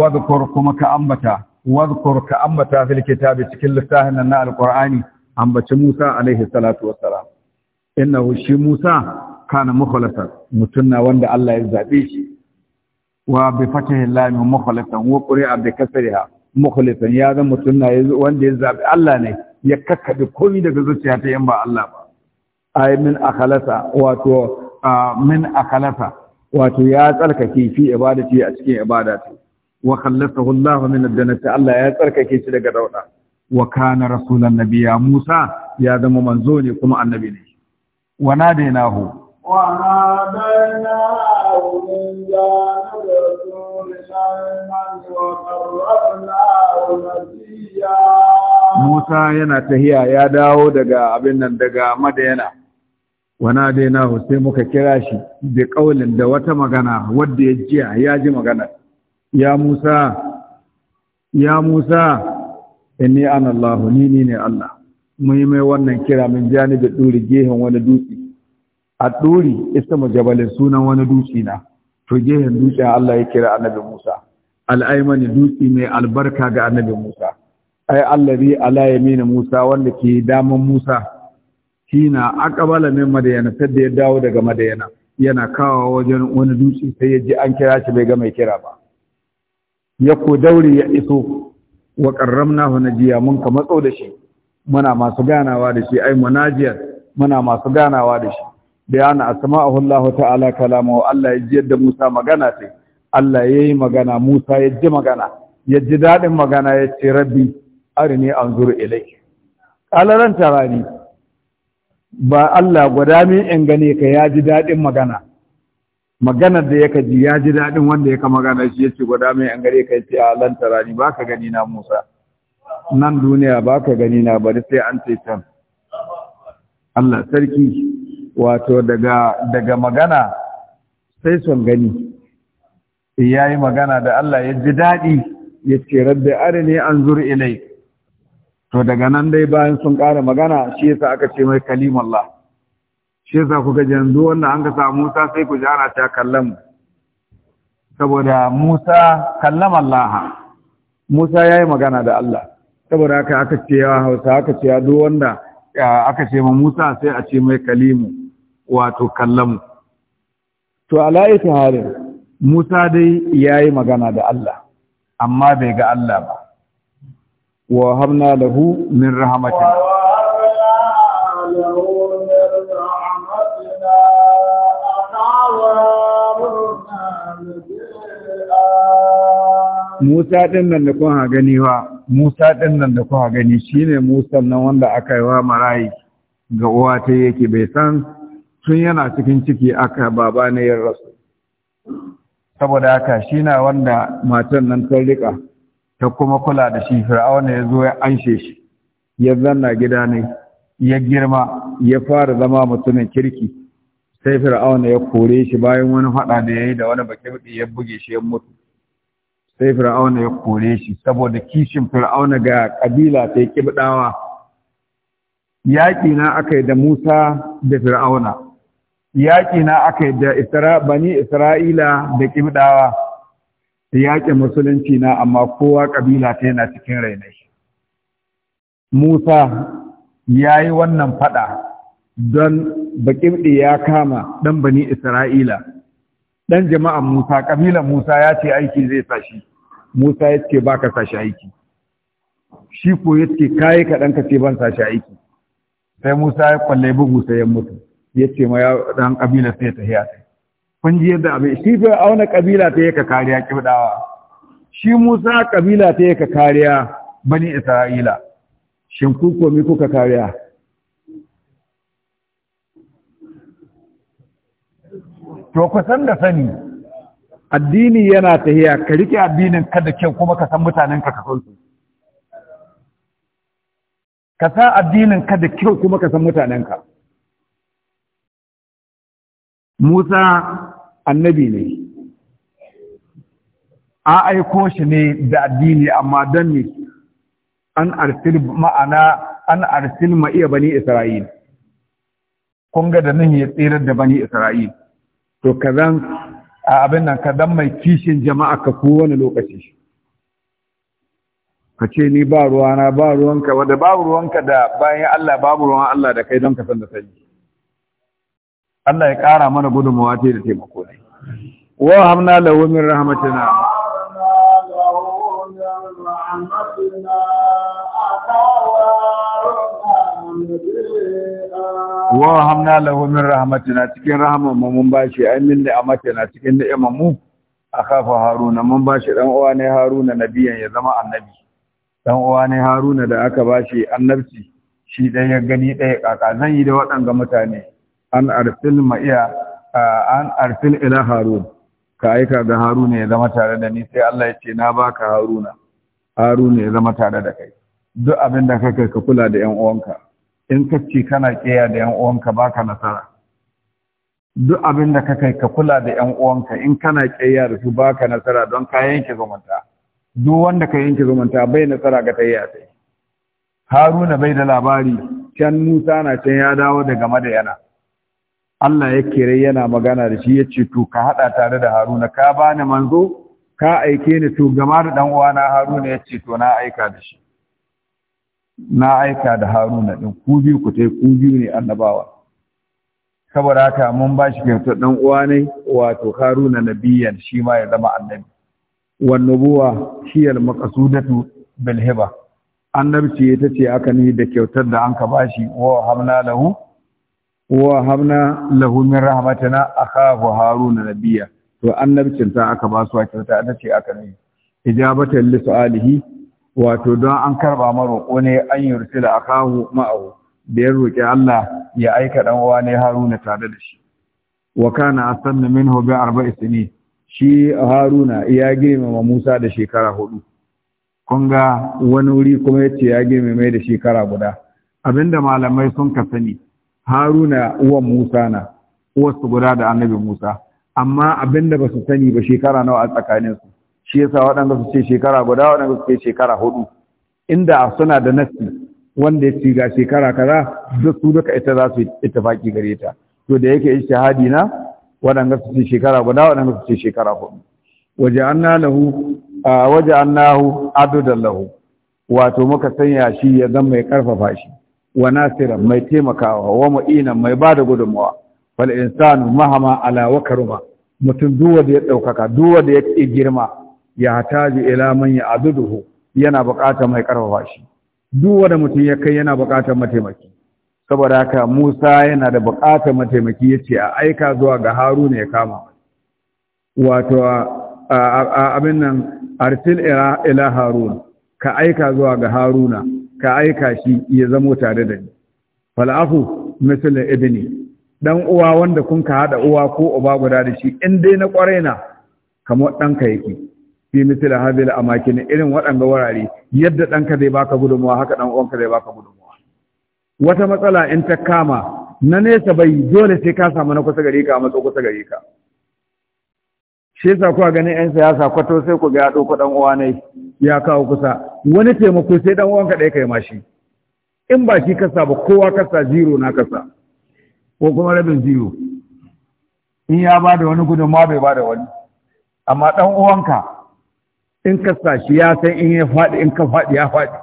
واذكر كما كأمتا واذكر كأمتا في الكتاب تكل لفتاهن أن القرآن أمبت موسى عليه الصلاة والسلام إنه شي موسى كان مخلصا متنا وند الله يزابيش وبفتح الله مخلصا وقرئ بكسرها مkhlisan ya zama mutum na wanda ya zabi Allah ne ya kakkabe komai daga zuciya ta yan ba Allah ba ay min akhalasa wato min akhalasa wato ya tsarkake fi ibadati a cikin ibadati wa khallasahu Allah min ad dunya Allah ya tsarkake shi daga dauda wa kana rasulan nabiyya Musa ya zama manzo ne kuma annabi ne wa nadainahu wa nadainahu min Musa yana tahiya ya dawo daga abin nan daga Madayana wana daina sai muka kira shi da ƙaunin da wata magana wadda ya jiya ya ji magana ya musa ya musa inni an allah ni ni ne allah mun mai wannan kira min janibin ɗuri gehen wani dutse a ɗuri mu jabalin sunan wani dutse na to gehen dutse allah ya kira annabi musa al'aimani dutse mai albarka ga annabi musa ai allazi ala yamin musa wanda ke daman musa a ƙabala min madayana da ya dawo daga madayana yana kawo wajen wani dutse sai ya ji an kira shi bai ga mai kira ba ya ko daure ya iso wa na jiya mun ka matso da shi muna masu ganawa da shi ai munajiyar muna masu ganawa da shi bayana asma'ahu Allah ta'ala kalamahu Allah ya ji yadda Musa magana sai Allah yayi magana Musa ya ji magana ya ji dadin magana ya ce rabbi arini anzuru ilayk qala lan tarani ba Allah guda min in gane ka ya ji daɗin magana maganar da yaka ji ya ji daɗin wanda yaka magana shi ya ce guda min in gane ka ce a lantara ni, ba ka gani na Musa nan duniya ba ka gani na bari sai an ce can Allah sarki wato daga daga magana sai son gani ya yi magana da Allah ya ji daɗi ya ce rabbi arini anzur ilayk to daga nan dai bayan sun ƙara magana shi yasa aka ce mai kalimallah shi yasa kuka ji yanzu wanda an ka sa Musa sai ku jana ta kallamu saboda Musa Allah Musa yayi magana da Allah saboda haka aka ce ya Hausa aka ce ya duk wanda aka ce ma Musa sai a ce mai kalimu wato kallamu to a ita halin Musa dai yayi magana da Allah amma bai ga Allah ba وهبنا له من رحمتنا Musa ɗin nan da kuma gani wa, Musa ɗin nan da kuma gani shi ne Musa nan wanda aka yi wa marayi ga uwa ta yake bai san tun yana cikin ciki aka baba rasu. Saboda haka shi na wanda matan nan ta riƙa ta kuma kula da shi fir'auna ya zo ya anshe shi ya zanna gida ne ya girma ya fara zama mutumin kirki sai fir'auna ya kore shi bayan wani faɗa da ya yi da wani baƙi ya buge shi ya mutu sai fir'auna ya kore shi saboda kishin fir'auna ga kabila sai kibdawa yaƙi na aka yi da musa da fir'auna yaƙi na aka yi da bani isra'ila da kibdawa da yaƙin musulunci na amma kowa ƙabila ta yana cikin rainai. Musa ya yi wannan faɗa don baƙimɗi ya kama ɗan bani Isra'ila. Ɗan jama'an Musa, ƙabilan Musa ya ce aiki zai sashi, Musa ya ce ba ka sashi aiki. Shi ko ya ce kayi kaɗan ka ce ban sashi aiki. Sai Musa ya kwallai bugu sai ya mutu, ya ce ma ya ɗan ƙabila sai ta hiyata. kun ji yadda abin shi fi auna kabila ta ka kariya kibdawa shi Musa kabila ta ka kariya bani Isra'ila shin ku ko mi kuka kariya to ku san da sani addini yana ta tahiya ka rike addinin ka da kyau kuma ka san mutanen ka ka su ka sa addinin ka da kyau kuma ka san mutanen ka Musa annabi ne a aiko shi ne da addini amma don ne an arsil ma'ana an arsil ma'iya bani isra'il kun ga da nan ya tsirar da bani isra'il to a abin nan kazan mai kishin jama'a ka wani lokaci ka ce ni ba ruwana ba ruwanka wadda babu ruwanka da bayan Allah babu ruwan Allah da kai don ka san da sani Allah ya ƙara mana gudunmawa ce da taimako ne وهبنا له من رحمتنا cikin rahaman mu mun bashi amin da amatana cikin ni'imar mu akafa haruna mun bashi dan uwa ne haruna nabiyan ya zama annabi dan uwa ne haruna da aka bashi annabci shi dai ya gani dai kaka zan yi da waɗanga mutane an arsil ma iya an arsil ila haruna ka aika ga haruna ya zama tare da ni sai Allah ya ce na baka haruna haruna ya zama tare da kai duk abin da kaka ka kula da yan uwanka in ka kana kiyaye da yan uwanka baka nasara duk abin da kaka ka kula da yan uwanka in kana kiyaye da su baka nasara don ka yanke zumunta duk wanda ka yanke zumunta bai nasara ga tayya sai haruna bai da labari can musa na can ya dawo daga madayana Allah ya kere yana magana da shi ya ce to ka haɗa tare da Haruna ka bani manzo ka aike ni to gama da ɗan uwana Haruna ya ce to na aika da shi na aika da Haruna ɗin ku biyu ku tai ku biyu ne annabawa saboda haka mun ba shi kyautar ɗan uwa ne wato Haruna nabiyan shi ma ya zama annabi wan nubuwa shi al maqsudatu bil hiba annabci ita ce aka ni da kyautar da an ka bashi wa hamna lahu wa hamna lahu min rahmatina akhahu haruna nabiyya to annabcin ta aka ba su a kyauta ta ce aka ne ijabatan li su'alihi wato don an karba ko ne an yursila akahu ma'ahu da ya roki Allah ya aika dan uwa ne haruna tare da shi wa kana asanna minhu bi arba'i sinin shi haruna ya girmama musa da shekara hudu kun ga wani wuri kuma yace ya girmama da shekara guda abinda malamai sun ka sani haruna uwan musa na uwarsu guda da annabi musa amma abin da ba su sani ba shekara nawa a tsakaninsu shi yasa waɗanda su ce shekara guda waɗanda su ce shekara hudu inda suna da nassi wanda ya ci ga shekara kaza duk su duka ita za su ittifaki gare ta to da yake ijtihadi na waɗanda su ce shekara guda waɗanda su ce shekara hudu waje anna lahu waje annahu adudan wato muka sanya shi ya zama mai karfafa shi wa nasiran mai taimakawa wa mu'ina mai bada gudunmawa fal insanu mahama ala wa karuma mutum duwa da ya ɗaukaka duwa da ya girma ya hataji ila man ya aduduhu yana buƙatar mai karfafa shi duwa da mutum ya kai yana buƙatar mataimaki saboda haka Musa yana da buƙatar mataimaki yace a aika zuwa ga Haruna ya kama wato abin nan arsil ila Harun ka aika zuwa ga Haruna ka aika shi ya zamo tare da ni fal'afu misal ibni dan uwa wanda kun ka hada uwa ko uba guda da shi in dai na kwarai na kamar ɗanka yake fi misal hadhihi amakin irin waɗanga wurare yadda ɗanka zai baka gudunmuwa haka ɗan uwanka zai baka gudunmuwa wata matsala in ta kama na nesa bai dole sai ka samu na kusa gare ka a matso kusa gare ka shi yasa kuwa ganin 'yan siyasa kwato sai ku ga ya ɗauko ɗan uwa ne ya kawo kusa wani taimako sai dan uwanka ɗaya yi mashi in ba shi kasa ba kowa kasa zero na kasa ko kuma rabin zero in ya ba da wani ma bai ba da wani amma dan uwanka in kasa shi ya san in ya faɗi in ka faɗi ya faɗi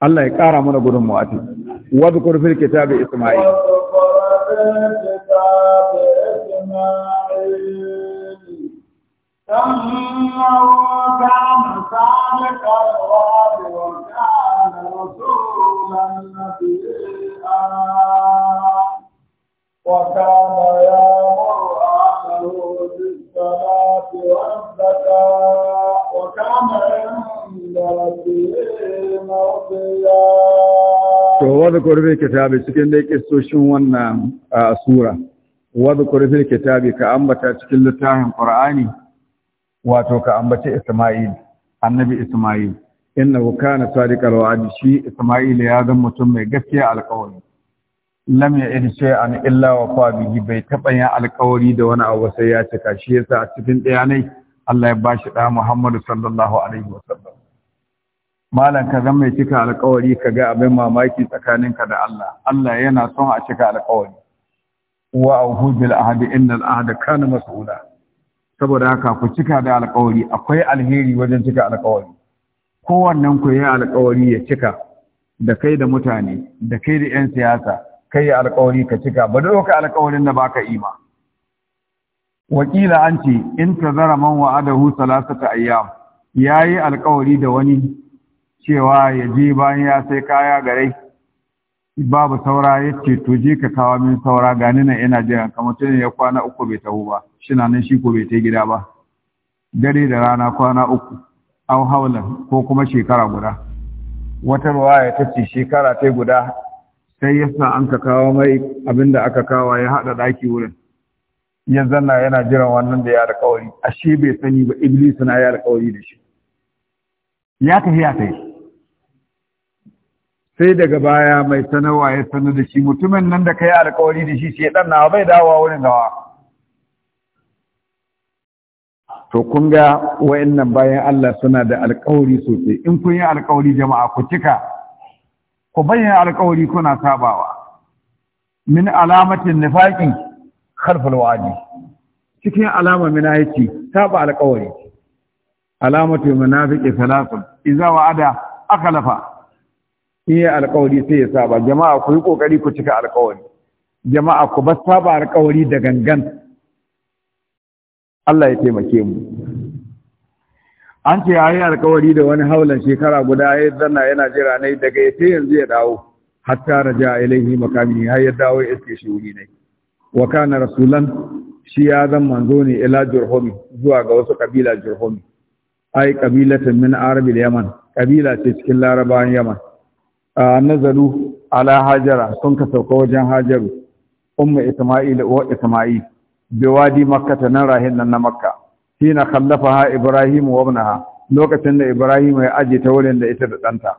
Allah ya ƙara mana gudunmawa ta wadda kurfin kitabi Ismail. إنه كان صادق الوعد وكان رسولا نبيا وكان يأمر أهله بالصلاة والزكاة وكان عند ربه مرضيا To wadda fil kitabi cikin dai kistoshin wannan a sura, wadda fil kitabi ka ambata cikin littafin Qur'ani wato ka ambaci Isma'il annabi Isma'il innahu kana sadiqal wa'd shi Isma'il ya zama mutum mai gaskiya alƙawari lam ya'id shay'an illa wa fa bihi bai taɓa yin alƙawari da wani abu sai ya cika shi yasa a cikin ɗayanai Allah ya bashi da Muhammadu sallallahu alaihi sallam. malam ka mai cika alƙawari ka ga abin mamaki tsakaninka da Allah Allah yana son a cika alƙawari wa auhu bil ahdi innal ahda kana mas'ula saboda haka ku cika da alƙawari akwai alheri wajen cika alƙawari kowannen ku yi alƙawari ya cika da kai da mutane da kai da 'yan siyasa kai ya alƙawari ka cika ba da ka alƙawarin da baka yi ma wakila an ce in zara man wa'adahu salasata ayyam yayi alƙawari da wani cewa ya je bayan ya sai kaya gare babu saura ya ce to je ka kawo min saura gani na ina jiran kamar tun ya kwana uku bai taho ba shina nan shi ko bai ta gida ba dare da rana kwana uku au haula ko kuma shekara guda wata ruwaya ta ce shekara ta guda sai ya sa an ka kawo mai abin da aka kawo ya haɗa ɗaki wurin ya zanna yana jiran wannan da ya alƙawari ashe bai sani ba iblis na ya alƙawari da shi ya tafi ya tafi sai daga baya mai sanarwa ya sanar da shi mutumin nan da ka yi alkawari da shi ɗan na bai dawowa wurin gawa to kun ga wayannan bayan Allah suna da alkawari sosai in kun yi alkawari jama'a ku cika ku bayyana alkawari kuna sabawa min alamatin nifaqin khalfal wadi cikin alama yake saba alkawari alamatu munafiqi thalathun idza wa'ada akhlafa in yi alkawari sai ya saba jama'a ku yi kokari ku cika alkawari jama'a ku ba saba alkawari da gangan Allah ya taimake mu an ce yayi alkawari da wani haulan shekara guda ya zanna yana jira ne daga ya yanzu ya dawo hatta raja ilaihi makami har ya dawo ya iske shi wuri ne wa kana rasulan shi ya zan manzo ne ila jurhumi zuwa ga wasu kabila jurhumi ai kabilatan min arabil yaman kabila ce cikin larabawan yaman nazaru ala hajara sun ka sauka wajen hajaru umma isma'il wa isma'il bi wadi makkata nan rahin nan na makka hina khallafaha ibrahim wa ibnaha lokacin da ibrahim ya aje ta wurin da ita da danta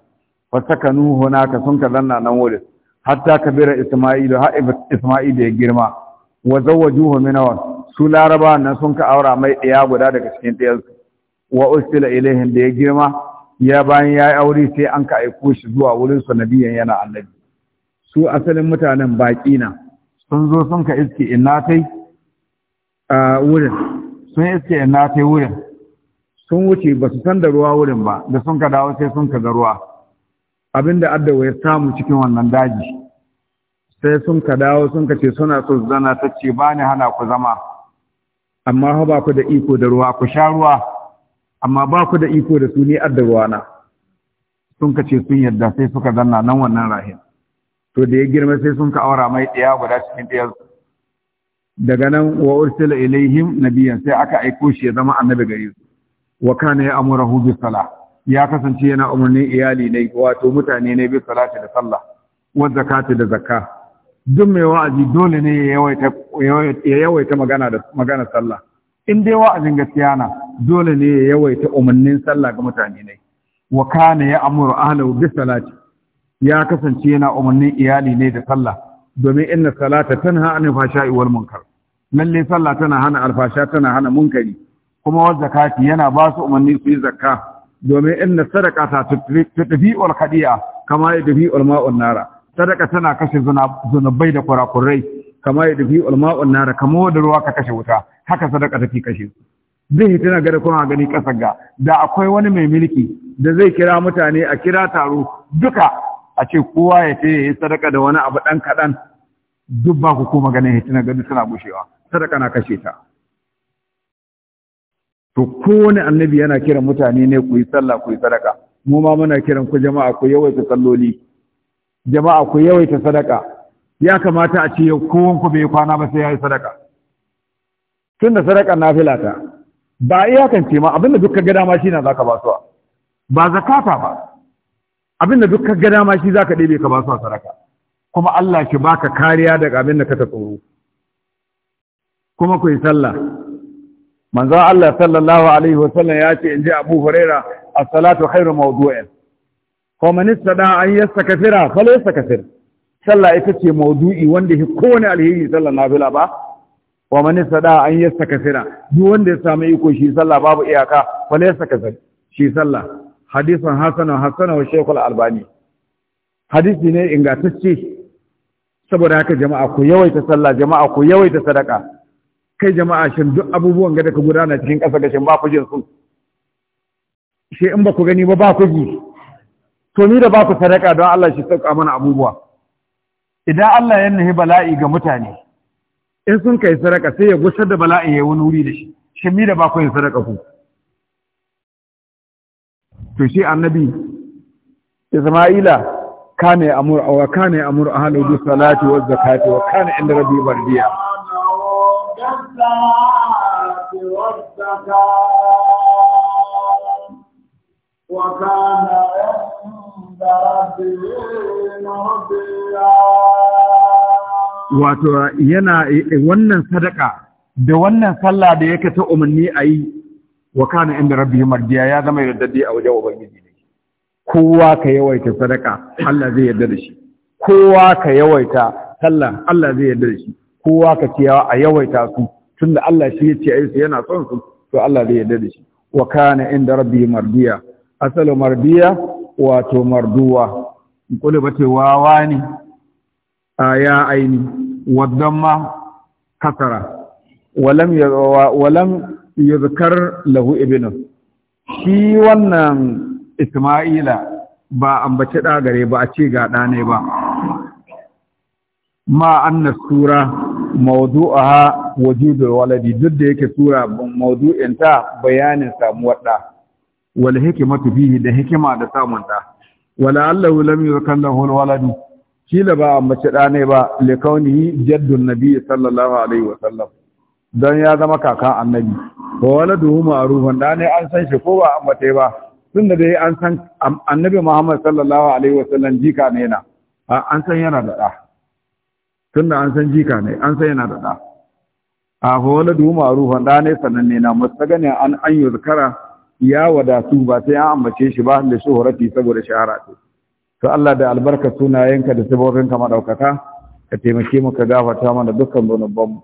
fa sakanu hunaka sun ka zanna nan wurin hatta kabira isma'il ha isma'il ya girma wa zawwajuhu min su laraba nan sun ka aura mai ɗaya guda daga cikin tiyansu wa ustila ilaihim da ya girma ya bayan ya yi aure sai an ka aiko shi zuwa wurin su nabiyan yana annabi su asalin mutanen baki na sun zo sun ka iske kai a wurin sun iske kai wurin sun wuce ba su san da ruwa wurin ba da sun ka dawo sai sun ka ga ruwa abinda addawa ya samu cikin wannan daji sai sun ka dawo sun ka ce suna so zana ta ce ba hana ku zama amma ba ku da iko da ruwa ku sha ruwa amma ba ku da iko da suni ni addabawana sun ka ce sun yadda sai suka zanna nan wannan rahim. to da ya girma sai sun ka aura mai ɗaya guda cikin ɗaya daga nan wa ursila ilaihim nabiyan sai aka aiko shi ya zama annabi gare su wa kana ya hu bi salah ya kasance yana umarnin iyali ne wato mutane ne bi salati da sallah wa zakati da zakka duk mai wa'azi dole ne ya yawaita magana da magana sallah in dai wa'azin gaskiya na dole ne ya yawaita umarnin sallah ga mutane ne wa kana ya amuru ahlahu bi salati ya kasance yana umarnin iyali ne da sallah domin inna salata tanha anil fashai wal munkar lalle sallah tana hana alfasha tana hana munkari kuma wa zakati yana ba su umarni su yi zakka domin inna ta tafi wal khadi'a kama yadfi al ma'un nara sadaka tana kashe zunubai da kurakurai kama ya dafi ulma'un nara kama wadda ruwa ka kashe wuta haka sadaka ta fi kashe zai yi tana gada kuma gani kasar ga da akwai wani mai mulki da zai kira mutane a kira taro duka a ce kowa ya ce ya yi sadaka da wani abu ɗan kaɗan duk ba ku koma ganin tana gani suna bushewa sadaka na kashe ta to kowane annabi yana kiran mutane ne ku yi sallah ku yi sadaka mu ma muna kiran ku jama'a ku yawaita salloli jama'a ku yawaita sadaka ya kamata a ce kowan ku bai kwana ba sai ya yi sadaka tun da sadaka na filata ba kan ce ma abinda duk gada ma shi na za ka ba su ba zakata ba abinda duk gada ma shi za ka ɗebe ka ba su sadaka kuma Allah shi baka kariya daga abinda ka ta tsoro kuma ku yi sallah manzon Allah sallallahu alaihi wasallam ya ce in ji Abu Huraira as-salatu khairu mawdu'in kuma man istada an yastakfira kafira sallah ita ce maudu'i wanda shi kowane alheri sallah nafila ba wa man sada an yasta kasira duk wanda ya samu iko shi sallah babu iyaka wala yasta saka shi sallah hadisan hasana hasana wa shaykhul albani hadisi ne ingantacce saboda haka jama'a ku yawaita sallah jama'a ku yawaita sadaka kai jama'a shin duk abubuwan ga da ka gudana cikin ƙasa gashin ba ku jin su shi in ba ku gani ba ba ku ji to ni da ba ku sadaka don Allah shi sauka mana abubuwa idan Allah ya nahi bala'i ga mutane in sun kai sadaka sai ya gusar da bala'i ya wani wuri da shi shi da bakon ya yin sadaka ku to shi annabi Isma'ila kana amur wa kana amur ahlu bi salati wa zakati wa kana inda rabbi bardiya وكان عند ربه مرضيا wato yana eh, wannan sadaka da wannan sallah da yake ta umarni a yi wa kana inda rabbi mardiya ya zama yardadde a wajen ubangiji ne kowa ka yawaita sadaka Allah zai yarda da shi kowa ka yawaita sallah Allah zai yarda da shi kowa ka ciyawa a yawaita su tunda Allah shi yace ai su yana son su to Allah zai yarda da shi wa kana inda rabbi mardiya asalu mardiya wato marduwa kullu bace wawa ne aya aini ma kasara walam ya zukar lahu ibinu shi wannan Isma'ila ba ambace ɗa gare ba a ce ga ɗa ne ba ma anna sura mawdu'aha wujudul waladi duk da yake sura ta bayanin samuwar ɗa wal hikmatu bihi da hikima da samun ɗa wala allahu lam yukallahu al waladu kila ba mace ne ba likaunihi jaddun nabi sallallahu alaihi wa sallam don ya zama kakan annabi ba wani duhu ma'arufan da ne an san shi ko ba mace ba tun da dai an san annabi muhammad sallallahu alaihi wa sallam jika ne na an san yana da ɗa tun da an san jika ne an san yana da ɗa a ba wani duhu ma'arufan da ne sananne na mustagani an an yi ya wadatu ba sai an ambace shi ba da shuhurati saboda shahara ce to Allah da albarka sunayenka da sabobinka madaukaka ka taimake mu ka gafarta mana dukkan zunubanmu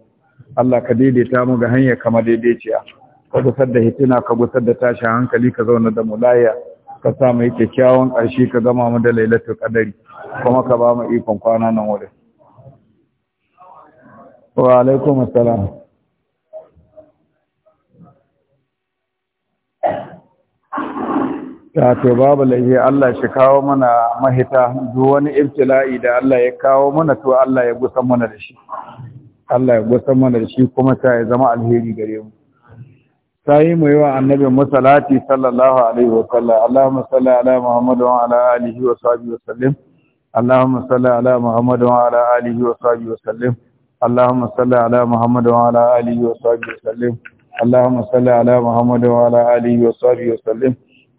Allah ka daidaita mu ga hanyar kama daidaiciya ka gusar da hitina ka gusar da tashin hankali ka zauna da mu lafiya ka sa mu kyakkyawan ƙarshe ka gama mu da lailatul qadari kuma ka ba mu ikon kwana nan wurin wa alaikum assalam ya ce babu laifi Allah shi kawo mana mahita duk wani ibtila'i da Allah ya kawo mana to Allah ya gusan mana da shi Allah ya gusan mana da shi kuma ta ya zama alheri gare mu sai mu yi wa annabi musallati sallallahu alaihi wa sallam Allahumma salli ala Muhammad wa ala alihi wa sahbihi wa sallim Allahumma salli ala Muhammad wa ala alihi wa sahbihi wa sallim Allahumma salli ala Muhammad wa ala alihi wa sahbihi wa sallim Allahumma salli ala Muhammad wa ala alihi wa sahbihi wa sallim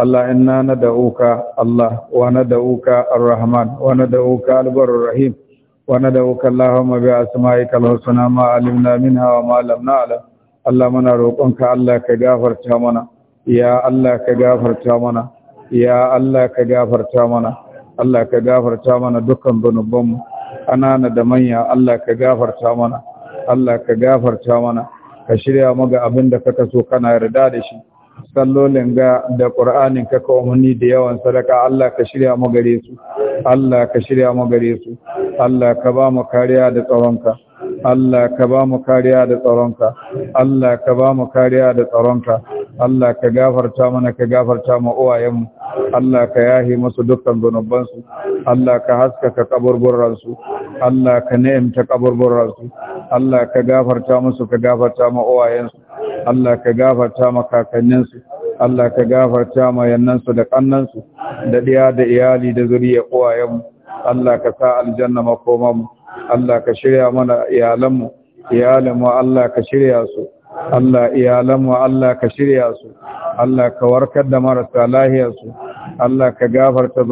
Allah inna nad'uka Allah wa nad'uka Ar-Rahman wa nad'uka Al-Rahim wa nad'uka Allahumma bi asma'ika al-husna ma 'alimna wa ma lam Allah muna roƙonka Allah ka gafarta mana ya Allah ka gafarta mana ya Allah ka gafarta mana Allah ka gafarta mana dukkan dunubanmu anana da manya Allah ka gafarta mana Allah ka gafarta mana ka shirya maga abin da kaka so kana yarda da shi sallolin ga da ƙur'anin ka kawamuni da yawan sadaka Allah ka shirya mu gare su Allah ka shirya mu gare su Allah ka ba mu kariya da tsawonka Allah ka ba mu kariya da tsaronka Allah ka ba mu kariya da tsaronka Allah ka gafarta mana ka gafarta ma uwayenmu Allah ka yahi musu dukkan zunubansu Allah ka haskaka kaburburransu Allah ka ni'imta kaburburransu Allah ka gafarta musu ka gafarta ma uwayensu Allah ka gafarta ma kakanninsu Allah ka gafarta ma yannansu da kannansu da diya da iyali da zuriya uwayenmu Allah ka sa aljanna makomanmu Allah ka shirya mana iyalanmu iyalanmu Allah ka shirya su Allah iyalanmu Allah ka shirya su Allah ka warkar da marasa lahiyarsu Allah ka gafarta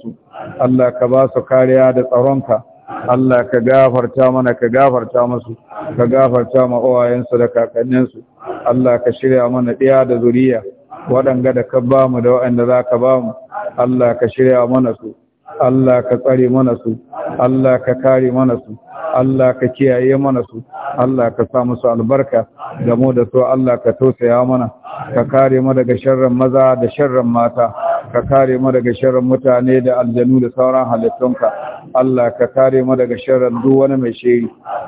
su. Allah ka ba su kariya da tsaronka Allah ka gafarta mana ka gafarta musu ka gafarta ma uwayensu da kakanninsu Allah ka shirya mana ɗiya da zuriya waɗanga da ka ba mu da waɗanda za ka ba mu Allah ka shirya mana su Allah ka tsare mana su Allah ka kare mana su Allah ka kiyaye mana su Allah ka sa musu albarka da mu da su Allah ka tausaya mana ka kare mu daga sharran maza da sharran mata ka kare mu daga sharran mutane da aljanu da sauran halittunka Allah ka kare mu daga sharran duk wani mai shiri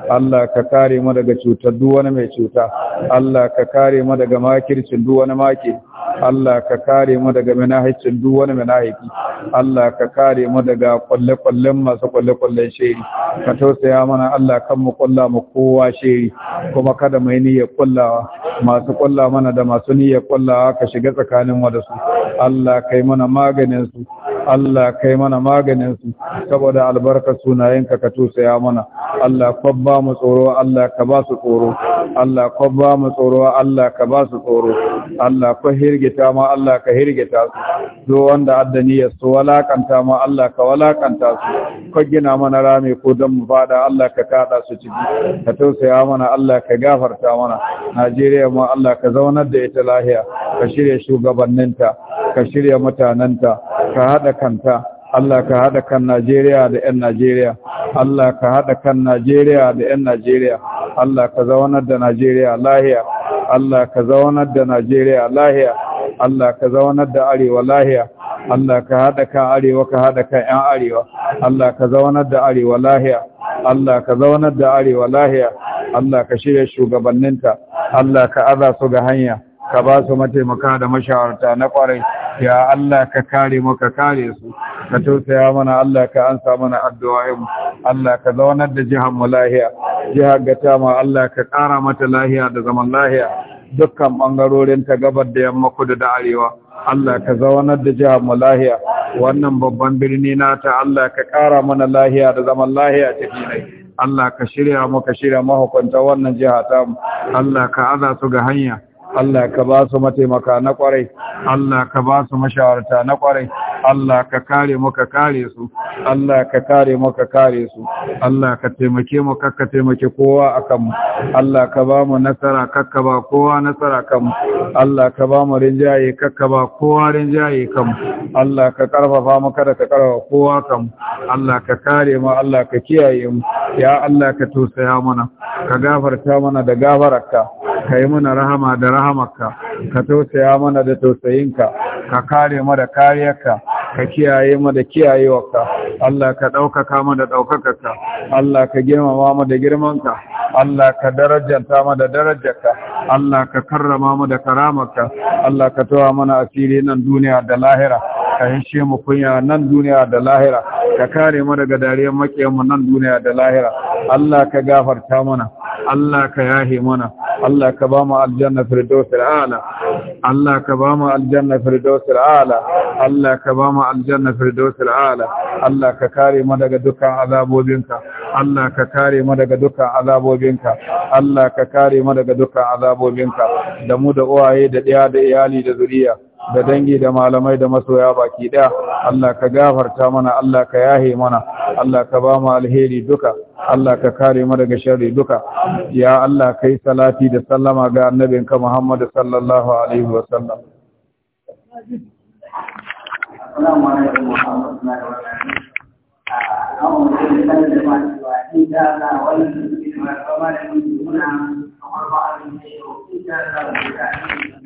Allah ka kare mu daga cutar duk wani mai cuta Allah ka kare mu daga makircin duk wani makirci Allah ka kare mu daga manahicin duk wani manahiki Allah ka kare mu daga kwalle-kwallen masu kwalle-kwallen shiri ka tausaya mana Allah kan mu kulla mu kowa shiri kuma kada mai niyyar kullawa masu kulla mana da masu niyyar kullawa ka shiga tsakanin mu da Allah kai mana maganin su Allah kai mana maganin su saboda albarka sunayenka ka tusaya mana Allah kwabba mu tsoro Allah ka ba su tsoro Allah kwabba mu tsoro Allah ka ba su tsoro Allah ka hirgita ma Allah ka hirgita su do wanda addani ya so walakanta ma Allah ka walakanta su ka gina mana rami ko dan mu fada Allah ka kada su ciki ka tausaya mana Allah ka gafarta mana Najeriya ma Allah ka zaunar da ita lahiya ka shirya shugabanninta ka shirya mutananta ka hada haɗa kanta Allah ka haɗa kan Najeriya da 'yan Najeriya Allah ka haɗa kan Najeriya da 'yan Najeriya Allah ka zaunar da Najeriya lahiya Allah ka zaunar da Najeriya lahiya Allah ka zaunar da Arewa lahiya Allah ka haɗa kan Arewa ka haɗa kan 'yan Arewa Allah ka zaunar da Arewa lahiya Allah ka zaunar da Arewa lahiya Allah ka shirya shugabanninta Allah ka aza su ga hanya ka ba su mataimaka da mashawarta na ƙwarai ya Allah ka kare mu ka kare su ka tausaya mana Allah ka ansa mana mu. Allah ka zaunar da jihar mu lahiya jihar gata ma Allah ka kara mata lahiya da zaman lahiya dukkan bangarorin ta gabar da yamma kudu da arewa Allah ka zaunar da jihar mu lahiya wannan babban birni nata Allah ka kara mana lahiya da zaman lahiya ta nai Allah ka shirya mu ka shirya mahukunta wannan jiha ta Allah ka aza su ga hanya Allah ka ba su mataimaka na kwarai Allah ka ba su mashawarta na kwarai Allah ka kare mu ka kare su Allah ka kare mu ka kare su Allah ka taimake mu ka ka taimake kowa akan mu Allah ka ba mu nasara ka ba kowa nasara kan mu Allah ka ba mu rinjaye ka ba kowa rinjaye kan mu Allah ka karfafa mu kada ka karfafa kowa kan mu Allah ka kare mu Allah ka kiyaye mu ya Allah ka tausaya mana ka gafarta mana da gafararka ka yi mana rahama da rahamarka ka tausaya mana da tausayinka ka kare mu da kariyarka ka kiyaye mu da kiyayewarka Allah ka ɗaukaka mu da ɗaukakarka Allah ka girmama mu da girmanka Allah ka darajanta mu da darajarka Allah ka karrama mu da karamarka Allah ka tawa mana asiri nan duniya da lahira ka mu kunya nan duniya da lahira ka kare mu daga dariyar makiyan mu nan duniya da lahira Allah ka gafarta mana Allah ka yahe mana Allah ka ba mu aljanna firdausil a'la Allah ka ba mu aljanna firdausil a'la Allah ka ba mu aljanna firdausil a'la Allah ka kare mu daga dukkan azabobinka Allah ka kare mu daga dukkan azabobinka Allah ka kare mu daga dukkan azabobinka da mu da uwaye da da iyali da zuriya da dangi da malamai da masoya baki daya Allah ka gafarta mana Allah ka yahe mana Allah ka ba mu alheri duka Allah ka kare mu daga sharri duka ya Allah kai salati da sallama ga annabinka Muhammad sallallahu alaihi wa sallam Assalamu alaikum wa rahmatullahi wa barakatuh. Ah, awon da kan da ma cewa in da na wani cikin ma ba muna kamar ba a yi ne ko in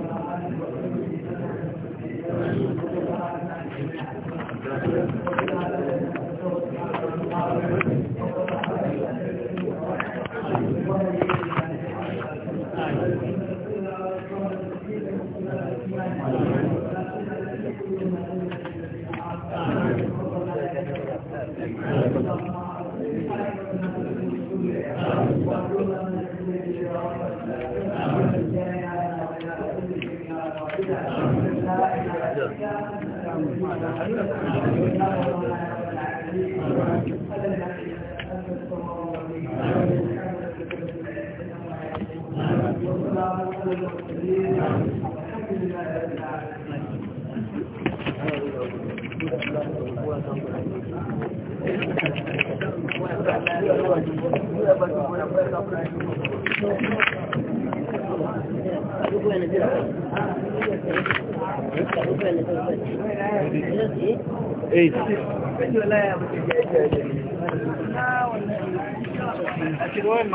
Gracias. eh wallahi eh.